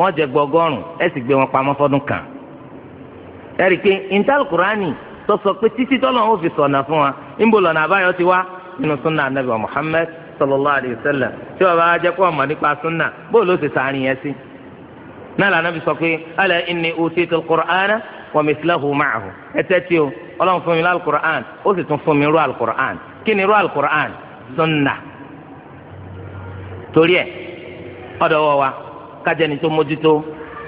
wọ́n jẹ gbọgọ́rùn ẹ sì gbé wọn pamọ́ fọ́dún kan ẹ̀rí pé intalukurani tó sọ pé títí tọ́lọ́run ó fi sọ̀nà fún wa níbo lọ́nà àbáyọ ti wá nínú sunna anabi muhammed sallallahu alayhi wa sallam tí wọ́n bá ọmọ nípa sunna bó ló ti sàárín yẹn sí. náà lànà bí sọ pé ala ẹ tẹ́tí o ọlọ́run fún kájẹni tó mójútó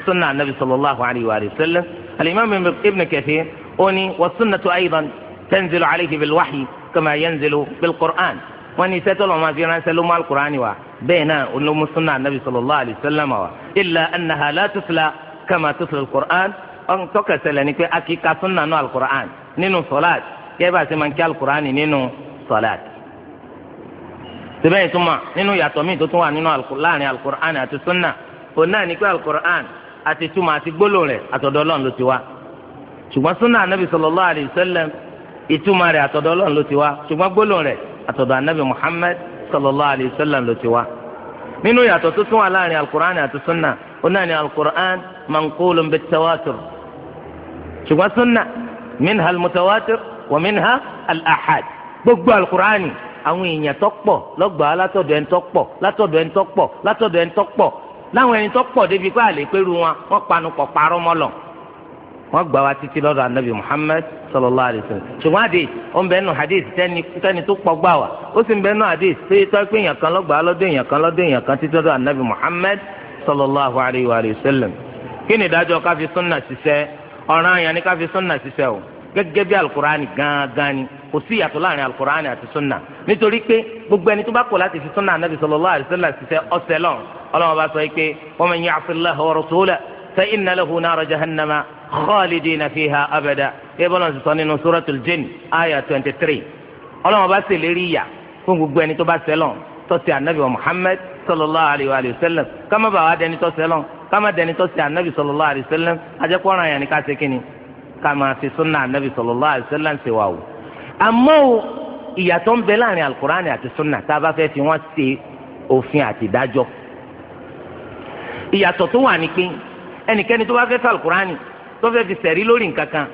sunna anabi sallallahu alayhi wa sallam alimami ibn kathir oni wa sunnatu aydan tanzilu alayhi bilwahi kama yanzilu bilqur'an wọn ní sẹtọ lọọ máa fi ránṣẹ́ ló mú alukur'ani wa bẹ́ẹ̀ náà olómú sunna anabi sallallahu alayhi wa sallam wa illa annaha la tusla kama tusla alqur'an ọ̀n tọ́ka ṣẹlẹ̀ ni pé a kì í ka sunna nù alukur'an nínú sọláàt kẹ́ẹ́ bá a ṣe máa ń kí alukur'ani nínú sọláàt síbẹ̀ ìtumọ̀ nínú yàtọ̀ míì tó tún sunna òun náà ní pé alukur'an àti túmọ̀ àti gbólóhùn rẹ̀ àtọ̀dọ̀ ọlọ́run ló ti wá ṣùgbọ́n súnà anabi sallallahu alayhi wa sallam ìtumọ̀ rẹ̀ àtọ̀dọ̀ ọlọ́run ló ti wá ṣùgbọ́n gbólóhùn rẹ̀ àtọ̀dọ̀ anabi muhammad sallallahu alayhi wa sallam ló ti wá. nínú yàtọ̀ tó tún wà láàrin alukur'an àti súnà òun náà ní alukur'an manqulun bitawatur ṣùgbọ́n súnà minha almutawatir wa minha al-ahad gbogbo alukur'ani àwọn èèyàn tó lọ́gbàá látọ̀dọ̀ ẹni látọ̀dọ̀ ẹni látọ̀dọ̀ ẹni láwọn ẹni tó pọ̀ débi pé àlè pẹ̀lú wọn wọ́n panu pọ̀ parọ́ mọ́ lọ. wọ́n gbà wá títí lọ́dọ̀ anabi muhammed sallallahu alayhi wa sallam ṣùgbọ́n àdé ó ń bẹ́ẹ̀ nù hadith tẹ́ni tẹ́ni tó pọ̀ gbà wá ó sì ń bẹ́ẹ̀ nù hadith tó yẹ tó pé èèyàn kan lọ́gbà lọ́dọ̀ èèyàn kan lọ́dọ̀ èèyàn kan títí lọ́dọ̀ anabi muhammed sallallahu alayhi wa sallam. kí ni ìdájọ́ ká súnà ṣiṣẹ́ ọ̀ràn àyàn ni ká súnà ṣiṣẹ́ o gẹ́gẹ́ bí alukur'ani gan-an gan-an ni kò sí ìyàtọ̀ láàrin alukur'an àti sunna nítorí pé gbogbo ẹni tó bá kọ̀ láti fi sunna anabi sallallahu alaihi wasallam ṣiṣẹ́ ọ̀sẹ̀ lọ́n ọlọ́run bá sọ pé wa man ya'si Allaha wa rasulahu fa inna lahu nara jahannama khalidina fiha abada ẹ bọ́lá ti sọ nínú suratul jinn aya twenty three ọlọ́run bá ṣèlérí ìyà fún gbogbo ẹni tó bá sẹ́lọ̀n tọ́sí anabi wa Muhammad sallallahu alaihi wasallam kama tọ́sí anabi sallallahu alaihi wasallam ajẹ́kọ́ràn yẹn àmọ́ o ìyàtọ̀ ń bẹ láàrin alukurani àti sunna tá a bá fẹ́ fi wọ́n ṣe òfin àti ìdájọ́ ìyàtọ̀ tó wà ní pé ẹnikẹ́ni tó bá fẹ́ fi alukurani tó fẹ́ fi sẹ̀rí lórí nǹkan kan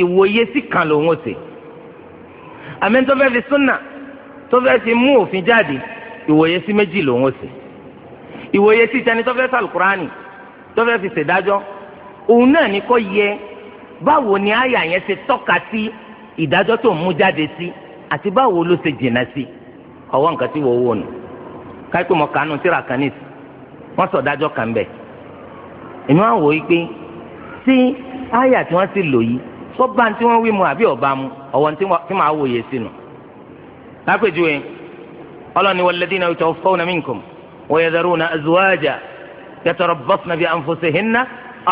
ìwòye sí kan lòun ò ṣe àmì tó fẹ́ fi sunna tó fẹ́ fi mú òfin jáde ìwòye sí méjì lòun ò ṣe ìwòye sí tẹni tó fẹ́ fi alukurani tó fẹ́ fi ṣèdájọ́ òun náà ni kò yẹ báwo ni àyà yẹn ṣe tọ́ka sí ìdájọ́ tó ń mú jáde sí àti báwo ló ṣe jìnnà sí ọwọ́ nǹkan tí wọ́n wò nù káyipẹ́ mọ̀ kánú tíra kan ní ìsìn wọ́n sọ dájọ́ kan bẹ̀ èmi wá wò ó pé tí àyà tí wọ́n ti lò yìí sọ́ba tí wọ́n wí mu àbí ọ̀ba mu ọ̀wọ́ tí màá wòye sí nù lápèjúwe ọlọ́ni walladhina yatawaffawna minkum wa yadharuna azwaja yatarabbasna bi anfusihinna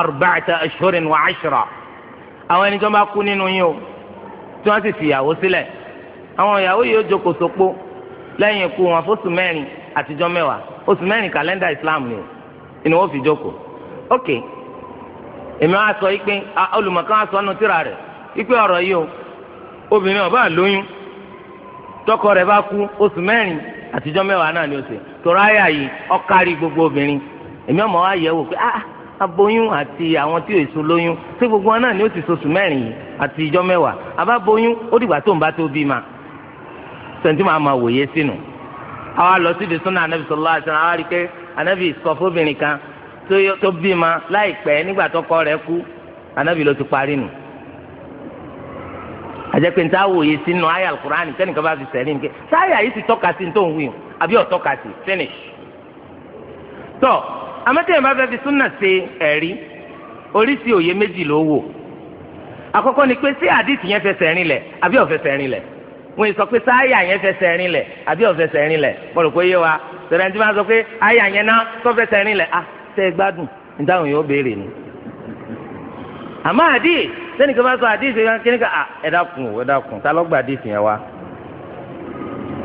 arba'ata ashhurin wa 'ashra àwọn ẹni tó bá kú nínú yín o tí wọ́n sì fìyàwó sílẹ̀ àwọn ìyàwó yìí ó jókòó sopó lẹ́yìn ikú wọn fóṣù mẹ́rin àtijọ́ mẹ́wàá oṣù mẹ́rin kàlẹ́ndà Islam ni inú wọn fi jókòó ok èmi wá sọ ipe olùmọ̀kan wá sọ ọ́nù tíra rẹ̀ ipe ọ̀rọ̀ yìí o obìnrin ọ̀bá lóyún tọkọ rẹ̀ bá kú oṣù mẹ́rin àtijọ́ mẹ́wàá náà ni ó ṣe tọ́ra ayà yìí ọ̀kárí gbogbo obìnrin èmi ọmọ wa yẹ̀ wò pé ah aboyún àti àwọn tí èso lóyún ṣé gbogbo wọn náà ni ó ti sọ̀sù mẹ́rin yìí àti ìjọ mẹ́wàá àbá boyún ó dìgbà tó ń bá tó bí ma sẹ́ńtì máa ma wòye sínú. àwa lọ síbi súnà anabi sọlá àti àwa rí i pé anabi sọ fóbìnrin kan tó bí ma láìpẹ́ nígbà tọkọ rẹ̀ kú anabi ló ti parí nù àjẹpẹ́ níta wòye sínú ayé alukur'an kẹ́nìkan bá fi sẹ́ni nìkẹ́ sáyà yìí ti tọ́ka sí ní tó ń wí finish. tọ́ amẹ́tẹ̀yìn bá fẹ́ fi súnà ṣe ẹ̀rí oríṣi òye méjì ló wò àkọ́kọ́ ni pé sí àdìsí yẹn fẹsẹ̀ rin lẹ̀ àbí ó rin lẹ̀ wọ́n sọ pé sáyà yẹn fẹsẹ̀ rin lẹ̀ àbí wa sọ̀rọ̀ ẹni tí wọ́n sọ pé àyà yẹn náà tó fẹsẹ̀ rin lẹ̀ ah tẹ́ ẹ gbádùn yóò béèrè ni. àmọ́ sọ ah, yẹn kí ni ká ta wa.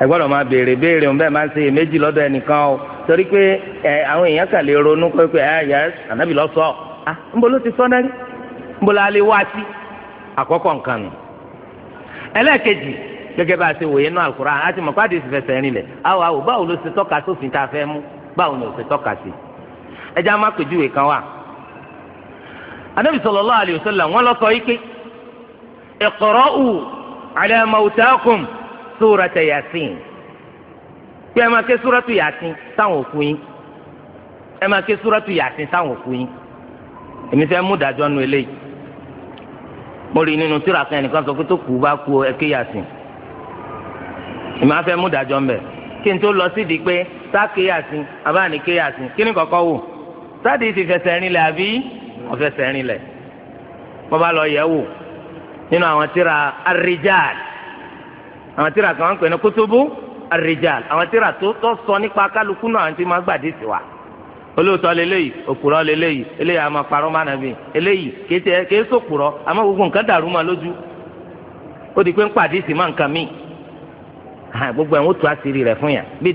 ẹ gbọ́dọ̀ máa béèrè béèrè torí pé ẹ àwọn èèyàn kà lè ronú pé pé ẹ yẹ ànábì lọ sọ à ah, ńbọ ti sọ náà rí ńbọ la wá sí nǹkan nù ẹlẹ́ẹ̀kejì gẹ́gẹ́ bá a ṣe wòye náà Al-Qur'an àti mọ̀ pàdé rìn lẹ̀ àwọ̀ àwọ̀ báwo ló ṣe tọ́ka sófin tá a fẹ́ mú báwo ṣe tọ́ka sí kan wà wọn lọ pé ẹ máa ké súrọ́tù yàtín sáwọn òkú yín ẹ máa ké súrọ́tù yàtín sáwọn òkú yín èmi fẹ́ mú ìdájọ́ nu eléyìí mo rí nínú tíra kan ẹnìkan sọ pé tó kù bá kú ẹ ké yàtín èmi á fẹ́ mú ìdájọ́ mbẹ̀ kí n tó lọ sí di pé sá ké yàtín àbá ké yàtín kí ni kọ́kọ́ wò sáàdì ti fẹsẹ̀ rin àbí ọ̀fẹsẹ̀ rin wọ́n bá lọ yẹ̀ wò nínú àwọn tíra àrìjáàd àwọn tíra kan wọ́n pè ní kútúbù ar-rijal àwọn tíra tó tọ́ sọ nípa kálukú náà àwọn tí máa gbàdé sí wa olóòótọ́ leléyìí òpùrọ́ leléyìí eléyìí àmọ́ parọ́ máa nàbí eléyìí kéte kéé sòpùrọ́ àmọ́ gbogbo nǹkan dàrú máa lójú ó di pé ń pàdé sí máa nǹkan míì gbogbo ẹ̀ ń tú àṣírí rẹ̀ fún yà bí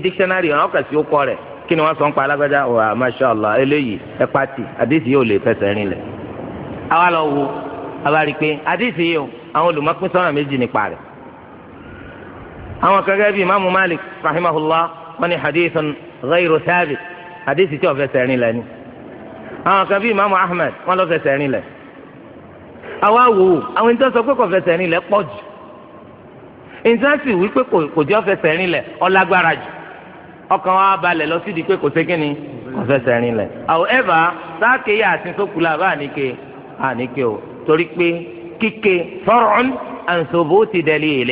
ọ̀nà ọ̀kà sí ó kọ́ rẹ̀ kí ni wọ́n sọ ń pa alágbájá masha allah eléyìí ẹ pati àdéhìí yóò lè fẹsẹ̀ lọ wo pé àdéhìí àwọn méjì àwọn kankan bíi imaamu malik rahimahullah wọn ni hadithun ghayru thabit hadithi tí ó fẹsẹ̀ rìn lẹ́ni àwọn kan bíi imaamu ahmed wọn lọ fẹsẹ̀ rìn lẹ́ àwa wò ó àwọn ìjọ sọ pé kò fẹsẹ̀ rìn lẹ́ pọ̀ jù ìjọ sì wí pé kò jọ fẹsẹ̀ rìn lẹ́ ọlágbára jù ọkàn wa balẹ̀ lọ sídìí pé kò sé kíni kò fẹsẹ̀ rìn lẹ́ however sáàkè yà àti sókùlà bá àníkè àníkè o torí pé kíkè far'un an thubuti dalil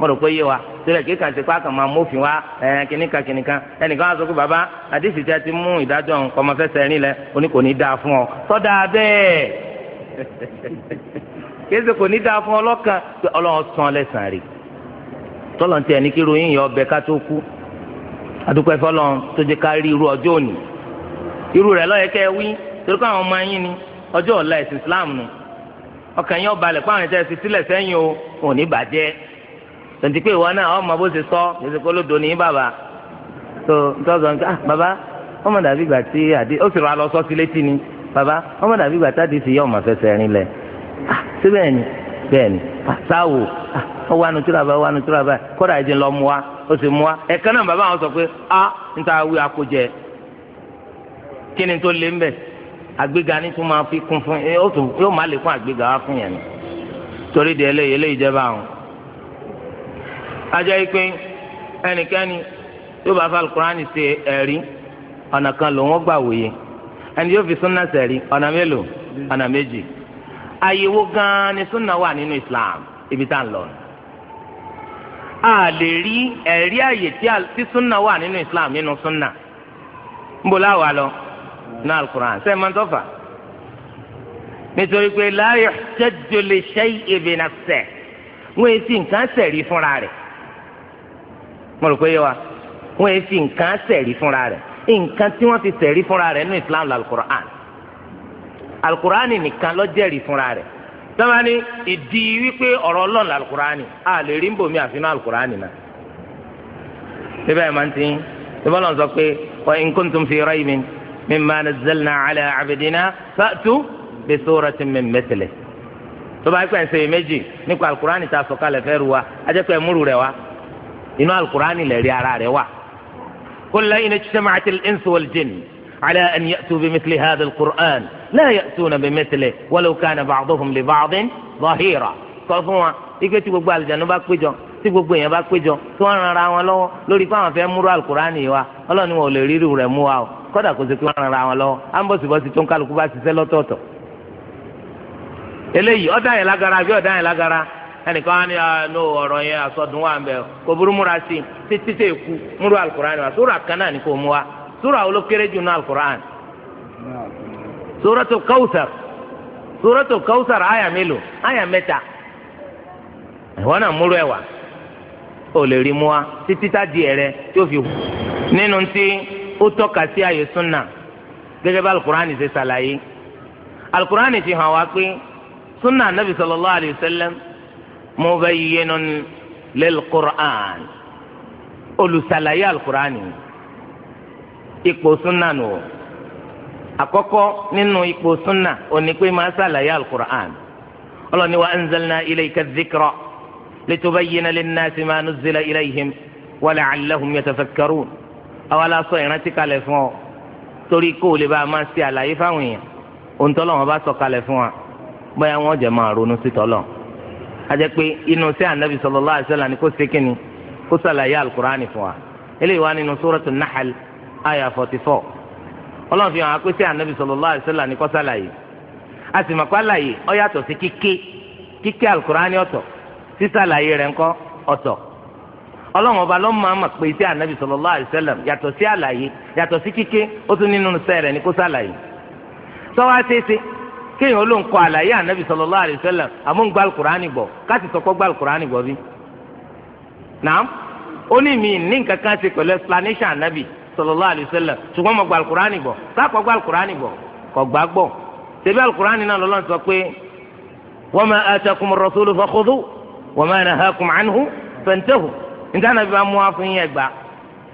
mo rò wa tẹ́lẹ̀ kí kan ti pa kàn máa wa ẹnìkan á sọ pé bàbá àdìsí ti mú ìdájọ́ nǹkan ọmọ fẹsẹ̀ lẹ kò ní dáa fún ọ sọ́dà bẹ́ẹ̀ kéésì kò ní fún ọ pé ọlọ́run sàn lẹ́sàn tọ́lọ̀ ní kí ròyìn yọ ọbẹ̀ ká tó kú adúpẹ́ fọlọ́run tó jẹ́ ká rí irú ọjọ́ òní irú rẹ̀ lọ́yẹ kẹ́ wí torí káwọn ọmọ yín ni ọjọ́ ọ̀la ẹ̀sìn o òní bàjẹ́ tonti pé ìwọ náà ọmọ bó ṣe sọ ṣèṣe kó ló do ní bàbá tó ntọ́sọ̀ nǹkan bàbá ọmọ dàbí ìgbà tí àdé ó sì rọ alọ sọ sí létí ni bàbá ọmọ dàbí ìgbà tí àdé sì ọmọ fẹsẹ̀ rin lẹ̀ ah, ṣé bẹ́ẹ̀ ni bẹ́ẹ̀ ni ah, sáwò ah, ó wà nù túrà báyìí ó wà nù túrà báyìí lọ wa ó sì wa ẹ̀kan náà bàbá sọ pé a ta akójẹ kí ni tó lé àgbéga tó máa fi kún fún yóò má lè àgbéga fún yẹn ajá yìí pé ẹnikẹ́ni yóò bá fa alukurani ṣe ẹ̀rí ọ̀nà kan lòun ó gbà wòye ẹni yóò fi súnà sẹ̀rí ọ̀nà mélòó ọ̀nà méjì àyèwò gan ni súnà wà nínú Islam ibi tá à ń lọ. a lè rí ẹ̀rí àyè tí súnà wà nínú Islam nínú súnà ń bọ̀ láwa lọ ní alukurani sẹ́ẹ̀ máa ń nítorí pé la yuhtaju li shay'in bi nafsihi wọ́n ti nǹkan sẹ̀rí fúnra rẹ̀ mo rò pé yẹ wa wọn èé fi nǹkan sẹ̀rí fúnra rẹ̀ nǹkan tí wọ́n fi sẹ̀rí fúnra rẹ̀ nínú islam alukur'an alukur'an nìkan ló jẹ́rìí fúnra rẹ̀ sábà ní ìdí wípé ọ̀rọ̀ ọlọ́run alukur'an a lè rí nbomi àfihàn alukur'an náà síbẹ̀ ẹ̀ máa ń tin síbẹ̀ lọ́n sọ pé wa in kuntum fi raymin mimma nazzalna ala abdina fa'tu bi suratin min mithlihi tó bá pẹ̀ ń ṣe méjì nípa alukur'an ta sọ̀kalẹ̀ inú alukur'ani lè rí ara rẹ̀ wá. قل لئن اجتمعت الإنس والجن على أن يأتوا بمثل هذا القرآن لا يأتون بمثله ولو كان بعضهم لبعض ظهيرا sọ fún wa ike tí gbogbo àlùjáde bá péjọ tí gbogbo èèyàn bá péjọ tí wọ́n ran ara wọn lọ́wọ́ lórí pé àwọn fẹ́ múrò alukurani wa ọlọ́ni wọn ò lè rírù rẹ̀ mú wa o kódà kò sí pé wọ́n ran wọn lọ́wọ́ à ń bọ̀ tó ń kálukú bá ṣiṣẹ́ lọ́tọ̀ọ̀tọ̀. eléyìí ọ̀dà yẹn lágara àbí ọ̀dà yẹn lágara ẹnìkan á ní àánú ah, ọ̀rọ̀ yẹn àsọdùn wà ń bẹ kò burú múra sí i títí tẹ̀ kú múru alukur'an wa sóra kan náà ni kò mú wa sóra olókéré jù náà alukur'an sóràtò kawusar sóràtò kawusar àyà mélòó àyà mẹ́ta ìwọ náà múru ẹ wà ó lè rí mú wa títí tá di ẹrẹ tí ó fi wù nínú tí ó tọ́ka sí àyè súnà gẹ́gẹ́ bí alukur'an ṣe ṣàlàyé alukur'an fi hàn wá pé súnà anabi sallallahu alayhi wa sallam mubayyinun lil qur'an olùsàlàyé alukur'ani ipò sunna nù àkọ́kọ́ nínú ipò sunna òní pé máa sàlàyé alukur'an ọlọ́ni wa anzalna ilayka dhikra litubayyina linnasi ma nuzzila ilayhim wa la'allahum yatafakkarun àwa la sọ ìrántí kalẹ̀ fún ọ torí kó o lè bá a máa ṣe àlàyé fáwọn èèyàn òǹtọ́lọ́wọ́n bá sọ kalẹ̀ fún wa bóyá wọ́n jẹ́ máa ronú sí tọ́lọ́wọ́ ajẹ́ pé inú sí anabi sallallahu alaihi wasallam ni kò sí kínní kó sàlàyé alukur'ani fún wa eléyìí wá nínú sóràtún nahal aya forty four ọlọ́run fi hàn á pé sí anabi sallallahu alaihi wasallam ni kó sàlàyé a sì mọ̀ pé àlàyé ọ yàtọ̀ sí kíké kíké alukur'ani ọ̀tọ̀ sísàlàyé rẹ̀ ńkọ́ ọ̀tọ̀ ọlọ́run ọba ló máa mọ̀ pé sí anabi sallallahu alaihi kéèyàn ló ń kọ àlàyé ànábì sallallahu alaihi wasallam àmúǹgbà alukurani bọ káti sọkọ gbà alukurani bọ bí. nàám ó ní mi ní nǹkan ṣe pẹ̀lú explanation ànábì sallallahu alaihi wasallam ṣùgbọ́n mo gbà alukurani bọ sáàpọ̀ gbà alukurani bọ kọ̀ gbà gbọ́ ṣebí alukurani náà lọ́lọ́ sọ pé wa ma atakum ar-rasulu fakhudhu wa ma nahakum anhu fantahu nítorí ànábì bá mú wa fún yín ẹgbàá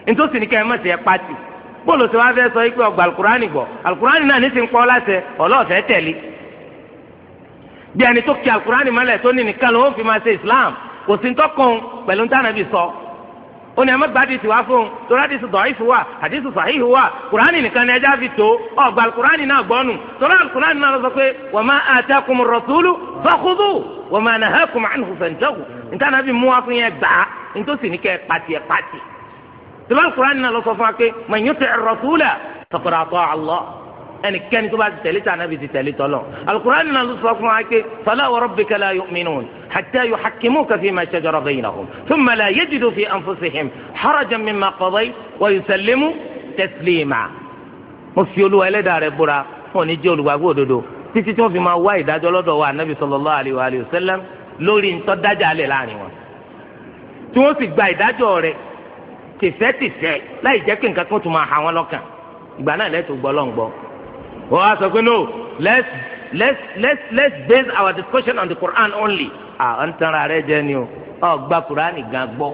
nítorí sì ní kẹ́ ẹ ẹ pàtì bóòlù tí wọ́n fẹ́ sọ pé ọgbà alukurani gbọ́ alukurani náà ní ti ń pọ́ láṣẹ ọlọ́ọ̀fẹ́ tẹ̀lé bí ẹni tó kí alukurani mọ́lẹ̀ tó ní nìkan ló ń fi máa ṣe islam kò sí tọkàn pẹ̀lú ntànàbí sọ ó ní ẹmọ gbàdí tiwa fún torí àdìsí dọ̀ọ́ìfù wà àdìsí sàhíhù wà kùránì nìkan ní ẹja fi tó ọgbà kùránì náà gbọ́nù torí kùránì náà lọ sọ pé wa ma atakum rasulu fakhudhu wa ma nahakum anhu fantahu ntànàbí mú wa fún yẹn gbà ntòsí ní kẹ́ pàtì ẹ̀ tí wọn kúránì náà lọ sọ fún wa pé mà yín tẹ rọtúlà tọkọdà àtọ àlọ ẹnikẹ́ni tó bá ti tẹ̀lé tànà bí ti tẹ̀lé tọ́lọ̀ alukúránì náà lọ sọ fún wa pé fala wa rabbika la yu'minun hatta yuhakkimuka fima shajara baynahum thumma la yajidu fi anfusihim harajan mimma qadayta wa yusallimu taslima. mo fi olúwa ẹlẹ́dàá rẹ̀ búra wọn ò ní jẹ́ olùgbàgbọ́ òdodo títí tí wọ́n fi máa wá ìdájọ́ lọ́dọ̀ wa anabi sallallahu alayhi wa sallam lórí ntọ́dájà alẹ́ láàrin wọn tí wọ́n sì gba ìdájọ́ rẹ̀ tìfẹ́tìfẹ́ láì jẹ́ pé nǹkan kan tún máa hà wọ́n lọ́kàn ìgbà náà lẹ́tọ̀ gbọ́ lọ́ngbọ́. wọ́n á sọ pé no let's let's let's let's base our discussion on the Quran only. à ń tanra rẹ jẹ ni o ọ gba Quran gan gbọ́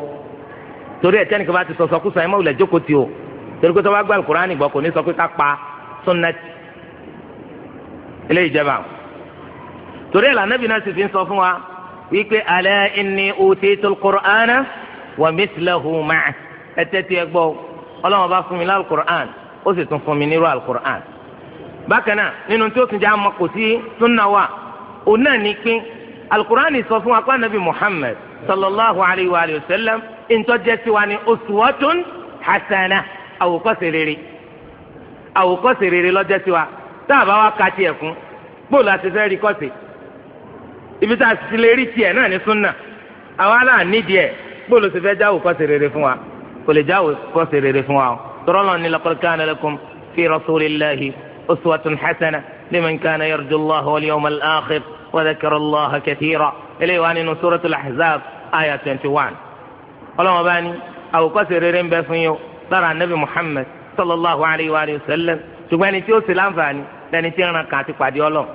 torí ẹ̀ tẹ́nìkan bá ti sọ̀sọ̀ kú sàn ẹ̀ mọ̀wulẹ̀ jókòó ti o torí pé tó bá gba Quran gbọ́ kò ní sọ pé ká pa sunnati eléyìí jẹba torí ẹ̀ lànà bí náà sì fi ń sọ fún wa wípé ala inni utitul Qur'ana wa mithlahu ma'ah ẹ tẹ́tí ẹ gbọ́ ọlọ́run bá fún mi ní alukur'an ó sì tún fún mi nírú alukur'an. bákan náà nínú tí ó tún jẹ́ àmọ́ kò sí súnà wa òun náà ní pín alukur'an sọ fún wa anabi muhammed sallallahu alayhi wa sallam ìtọ́jẹ́ sí wa ní hasana àwòkọ́ṣe rere àwòkọ́ṣe rere lọ́jẹ́ sí tá a bá wa ka tiẹ̀ fún gbóòlù àti fẹ́ rí kọ́sì ibi tá a sì lè rí tiẹ̀ náà ní súnà àwa aláàánú díẹ̀ gbóòlù sì fẹ́ jáwòkọ́ṣe rere fún wa kò lè jáwé kó ṣe rere fún wa o tọrọ lọ ní laqad kana lakum fi rasulillahi uswatun hasana liman kana yarju allah wal yawm al akhir wa dhakara allah kathira eléyìí wà nínú suratul ahzab aya twenty one ọlọ́wọ́n bá ní àwòkọ́ṣe rere ń bẹ fún yín o lára anabi muhammad sallallahu alayhi wa sallam ṣùgbọ́n ẹni tí ó sì láǹfààní lẹni tí ń ran kàti pàdé ọlọ́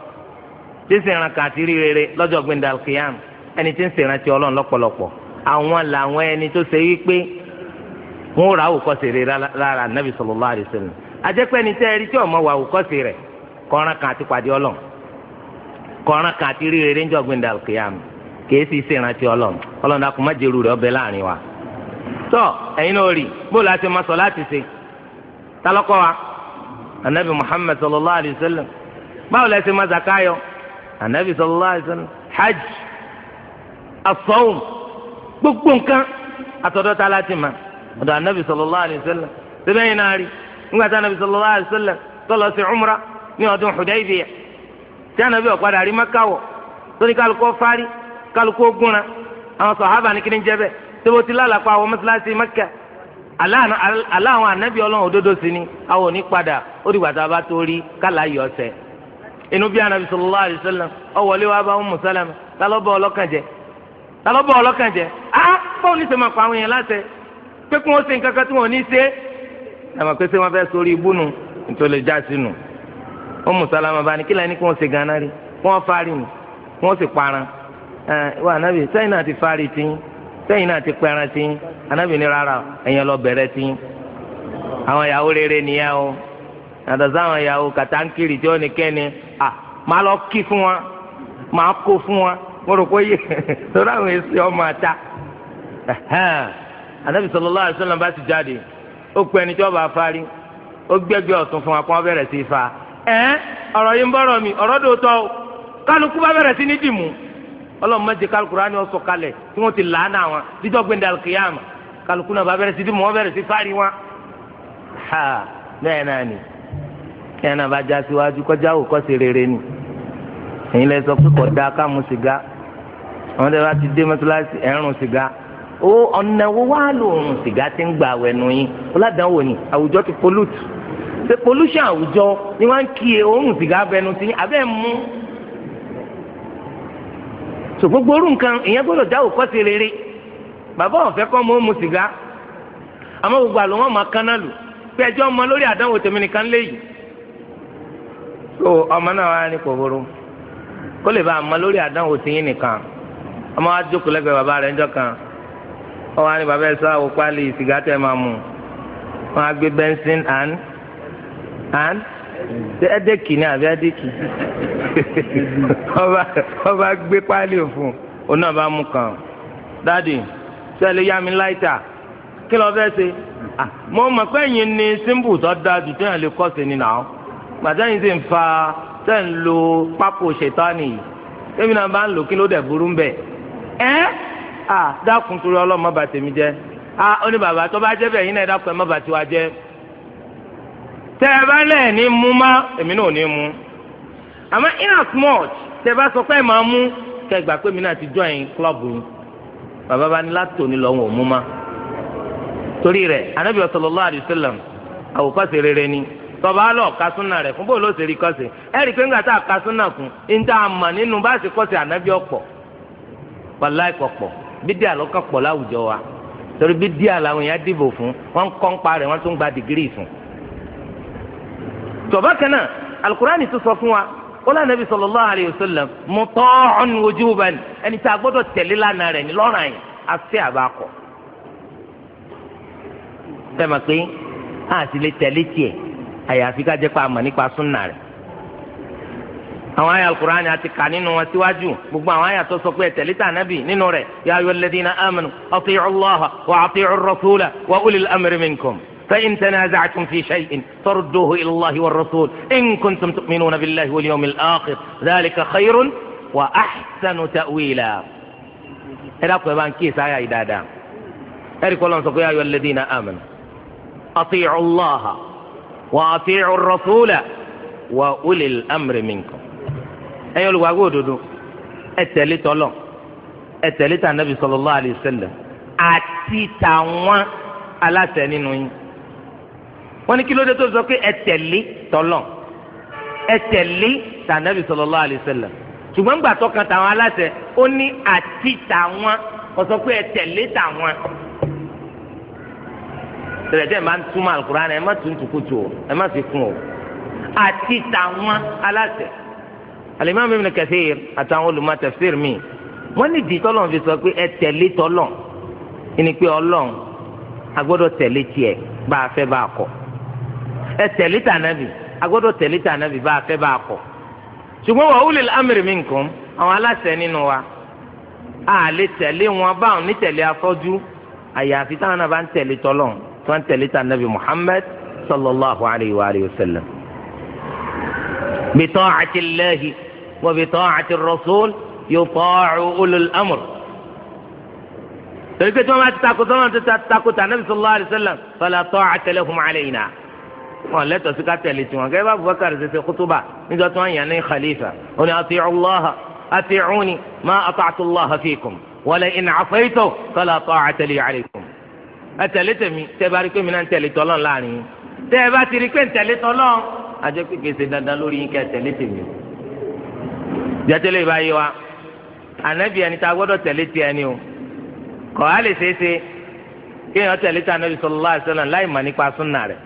tí ń sì ran kàti rí rere lọ́jọ́ gbẹ̀ndàlkìyàm ẹni tí ń sì rántí ọlọ́run lọ́pọ̀lọpọ̀ wọn rà àwòkọ́ṣe rẹ̀ lára anabi sallallahu alaihi wasallam ajẹ́pẹ́ ni tẹ́ tí ọmọ wà àwòkọ́ṣe rẹ kọ́ran kan àti pàdé ọlọ́run kọ́ran kan àti rí rere ń jọ gbẹ̀ndà kìyàmù kìí sì ṣèrántí ọlọ́run dàkú má jẹ́rù rẹ̀ ọbẹ̀ láàrin wa. tọ́ ẹ̀yin náà rí bóòlù àti láti ṣe talọ́kọ́ wa muhammed báwo lẹ́sẹ̀ gbogbo nǹkan láti ọ̀dọ̀ anabi sallallahu alayhi wa sallam síbẹ̀ yìí náà rí tí anabi sallallahu alayhi wa sallam umra anabi ọ̀padà ari makawo tó ní kálukọ́ fárí kálukọ́ gúnra àwọn sọ̀hábà ni kíni jẹ́bẹ̀ tóbi ti àwọn mọ́tíláṣí Mẹ́kà aláwọn anabi ọlọ́run òdodo si ni àwọn òní padà a bá tó kálá yọ inú bí anabi sallallahu alayhi wa sallam ọ̀wọ́lé wa bá ní pé kí wọ́n ṣe nǹkan kan tí wọ́n ní ṣe ẹ̀mọ̀ pé ṣé fẹ́ sórí ibú nu nítorí ó bá ní kí lẹ́ni kí wọ́n rí kí wọ́n fárí kí wọ́n sì ànábì sẹ́yìn náà ti fárí tí sẹ́yìn náà ti tí ànábì ní rere o yàtọ̀ sáwọn ìyàwó tí ó ní kẹ́ni à lọ kí fún wa kó fún wa mo rò pé èsì ọmọ anabi sallallahu alaihi wasallam bá ti jáde ó pe ẹni tí wọn bá fárí ó gbẹgbẹ ọ̀tún fún wa kó wọn bẹ̀rẹ̀ sí í fa ẹ ọ̀rọ̀ yìí ń bọrọ mi ọ̀rọ̀ dòótọ́ kálukú bá bẹ̀rẹ̀ sí ní dìmú ọlọ́run mẹ́jẹ Al-Qur'ani ó sọ̀kalẹ̀ tí wọ́n ti làánà wọn dídọ́ gbẹ̀ndẹ̀ alkiyama kálukú náà bá bẹ̀rẹ̀ sí dìmú wọ́n bẹ̀rẹ̀ sí fárí wọn. ha bẹ́ẹ̀ náà ni bẹ́ẹ̀ náà bá já síwájú kọjá òkú kọ́sì rere ni èyí lẹ sọ pé kọ̀ da ká mu sìgá àwọn o ọ̀nà wo wá lòun sìgá ti ń gba àwẹ̀nu yín ọ̀làdánwò ni àwùjọ ti pollute ṣe pollution àwùjọ ni wọ́n ń kí e òun sìgá abẹnu ti yín abẹ́ mú so gbogbo orú nǹkan ìyẹn gbọ́dọ̀ dáwò kọ́ sí rere bàbá ọ̀fẹ́ kọ́ mọ́ mu sìgá àmọ́ gbogbo àlọ́ wọn máa kánná lù pé ẹjọ́ ọmọ lórí àdánwò tèmi nìkan léyìí so ọmọ náà wà ní kòkòrò kó lè bá àmọ́ lórí àdánwò tèyín nìkan ọmọ wa jókòó lẹ́gbẹ̀ẹ́ bàbá rẹ̀ ńjọ́ kan wọn wá ní bàbá ẹ sáwọ pálí sìgá tẹ máa mú wọn á gbé bẹnsìn àn àn ẹdẹkì ni àbí ẹdẹkì wọn bá gbé pálí òfun òun náà bá mú kàn dáàdì sẹ́lẹ̀ yá mi láìta kí lọ́ọ́ fẹ́ ṣe mo mọ̀ pé ẹ̀yin ni símbù tó dáa jù téèyàn lè kọ́ sí ni nà ọ́ gbàtẹ́yìn sì ń fa tẹ́ ń lo pákó ṣètánì yìí tẹ́mi náà bá ń lò kí ló dẹ̀ burú ń bẹ̀ ẹ́. a dákun torí ọlọ́mọ bá tèmi a ó ní bàbá tó bá jẹ́ bẹ́ẹ̀ yín náà dákun ẹ̀ má bàtí wa jẹ. tẹ́ ẹ bá lẹ̀ ní mú má èmi náà ò ní mú àmọ́ in as much tẹ́ ẹ bá sọ pé ẹ máa mú kẹ́ gbà pé mi náà ti join club yìí bàbá bá ní láti òní lọ́wọ́ ò mú má torí rẹ̀ anábì sallallahu alaihi wasallam àwòkọ́ṣe rere ni tọba lọ kasúnà rẹ fún bó ló ṣe rí kọsẹ ẹ rí i pé tá a kún ń tá a mọ nínú bá a ṣe kọsẹ bídíà lọ́kàn pọ̀ láwùjọ wa torí bídíà làwọn èèyàn dìbò fún wọn kọ́ ń parẹ́ wọn tún gba dìgírì fún. tọ́ba kan náà alukurani tó sọ fún wa ó lànà bí sallallahu alayhi wa sallam muta'un wujuban ẹni tí a gbọ́dọ̀ tẹ̀lé lánàá rẹ̀ ní lọ́rùn àyìn afẹ́ àbákọ̀. sẹ́mi pé a lè tẹ̀lé tiẹ̀ àyàfi ká jẹ́ pé a nípa súnà rẹ̀ àwọn àyà alukur'ani àti kà nínú wọn síwájú gbogbo àwọn àyà tó sọ pé ẹ̀tẹ̀lé tà nábì nínú rẹ̀ ya lẹdí iná amínú ọtí ọlọ́ha wa ati'u ar-rasula wa ulil amri minkum فإن تنازعتم في شيء فردوه إلى الله والرسول إن كنتم تؤمنون بالله واليوم الآخر ذلك خير وأحسن تأويلا إلى قبان كيس آية إدادا أريك والله يا أيها الذين آمنوا أطيعوا الله وأطيعوا الرسول وأولي الأمر منكم ẹ̀yin olùwàgbọ́ òdodo ẹ tẹ̀lé tọ́lọ̀ ẹ tẹ̀lé tà nàbì sallallahu alaihi wasallam àti tàwọn aláṣẹ nínú yín wọ́n ní kí ló dé tó sọ pé ẹ tẹ̀lé tọ́lọ̀ ẹ tẹ̀lé tà nàbì sallallahu alaihi wasallam ṣùgbọ́n gbà tó kan tàwọn aláṣẹ ó ní àti tàwọn kò sọ pé ẹ tẹ̀lé tàwọn tẹ̀lẹ̀tẹ̀ máa ń túmọ̀ àlùkùránì ẹ má tún tùkùtù o ẹ má fi kún o àti tàwọn aláṣẹ alimami ibn kathir àtàwọn olùmọ̀ tafsir mi wọ́n ní ìdí tọ́lọ́n fi sọ pé ẹ tẹ̀lé tọ́lọ́n ẹni pé ọlọ́n a gbọ́dọ̀ tẹ̀lé tiẹ̀ bá a fẹ́ bá a kọ̀ ẹ tẹ̀lé tànàbì a gbọ́dọ̀ tẹ̀lé tànàbì bá a fẹ́ bá a kọ̀ ṣùgbọ́n wa ulil amri minkum àwọn aláṣẹ nínú wa a lè tẹ̀lé wọn ní tẹ̀lé afọ́jú àyàfi táwọn náà bá ń tẹ̀lé tọ́lọ́n tí wọ́n ń tẹ̀lé tànàbì Muhammad sallallahu alayhi wa sallam bi ta'ati Allahi وبطاعة الرسول يطاع أولو الأمر torí pé tí wọn bá ti takò tí wọn ti takò tí anabi sallallahu alayhi wa sallam fala ta'ata lahum alayna wọn lẹ́tọ̀ọ́ sí ká tẹ̀lé tiwọn gẹ́gẹ́ bá Abubakar ṣẹṣẹ kútúbà níjọ́ tí wọn yàn ní khalifa wọn ni ati'u Allaha ati'uni ma ata'tu Allaha fikum wala in 'asaytu fala ta'ata li alaykum. ẹ tẹ̀lé tèmi tẹ́ bá rí pé mi náà ń tẹ̀lé tọ́lọ́ láàrin yín tẹ́ ẹ bá ti rí pé ń tẹ̀lé tọ́lọ́ àjẹpẹ́ kèsè dandan lórí yín kẹ́ tẹ̀lé tèmi o. jẹ́tẹ́lẹ̀ ìbáyé wa ànábì ẹni tá a ni o kọ̀ á lè ṣeé kí èèyàn tẹ̀lé tí ànábì sallallahu alaihi wasallam láì mọ̀ nípa súnà rẹ̀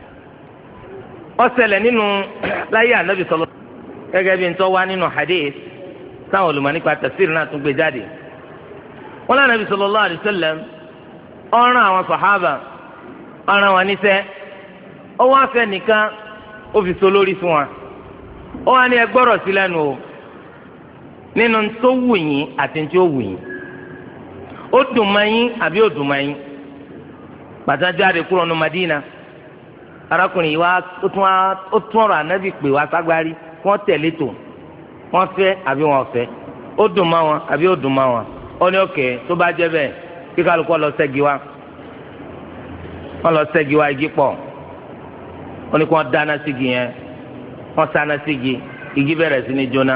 ó nínú láyé bí nínú hadith táwọn nípa náà tún gbé jáde wọn àwọn wọn nìkan nínú tó wù yín àti tí ó wù yín ó dùn mọ́ yín àbí ó dùn mọ́ yín pàtàkì àdè kúrò ní Madina arákùnrin yìí wá ó tún ọ̀rọ̀ ànábì pè wá ságbárí wọ́n tẹ̀lé tó wọ́n fẹ́ àbí wọ́n fẹ́ ó dùn mọ́ wọn àbí ó dùn mọ́ wọn ó ní òkè tó bá jẹ́ bẹ́ẹ̀ kí kálukú lọ ṣẹ́gi wá wọ́n lọ ṣẹ́gi wá igi pọ̀ ó ní kí wọ́n dáná sígi yẹn wọ́n sáná sígi igi bẹ̀rẹ̀ sí ní jóná.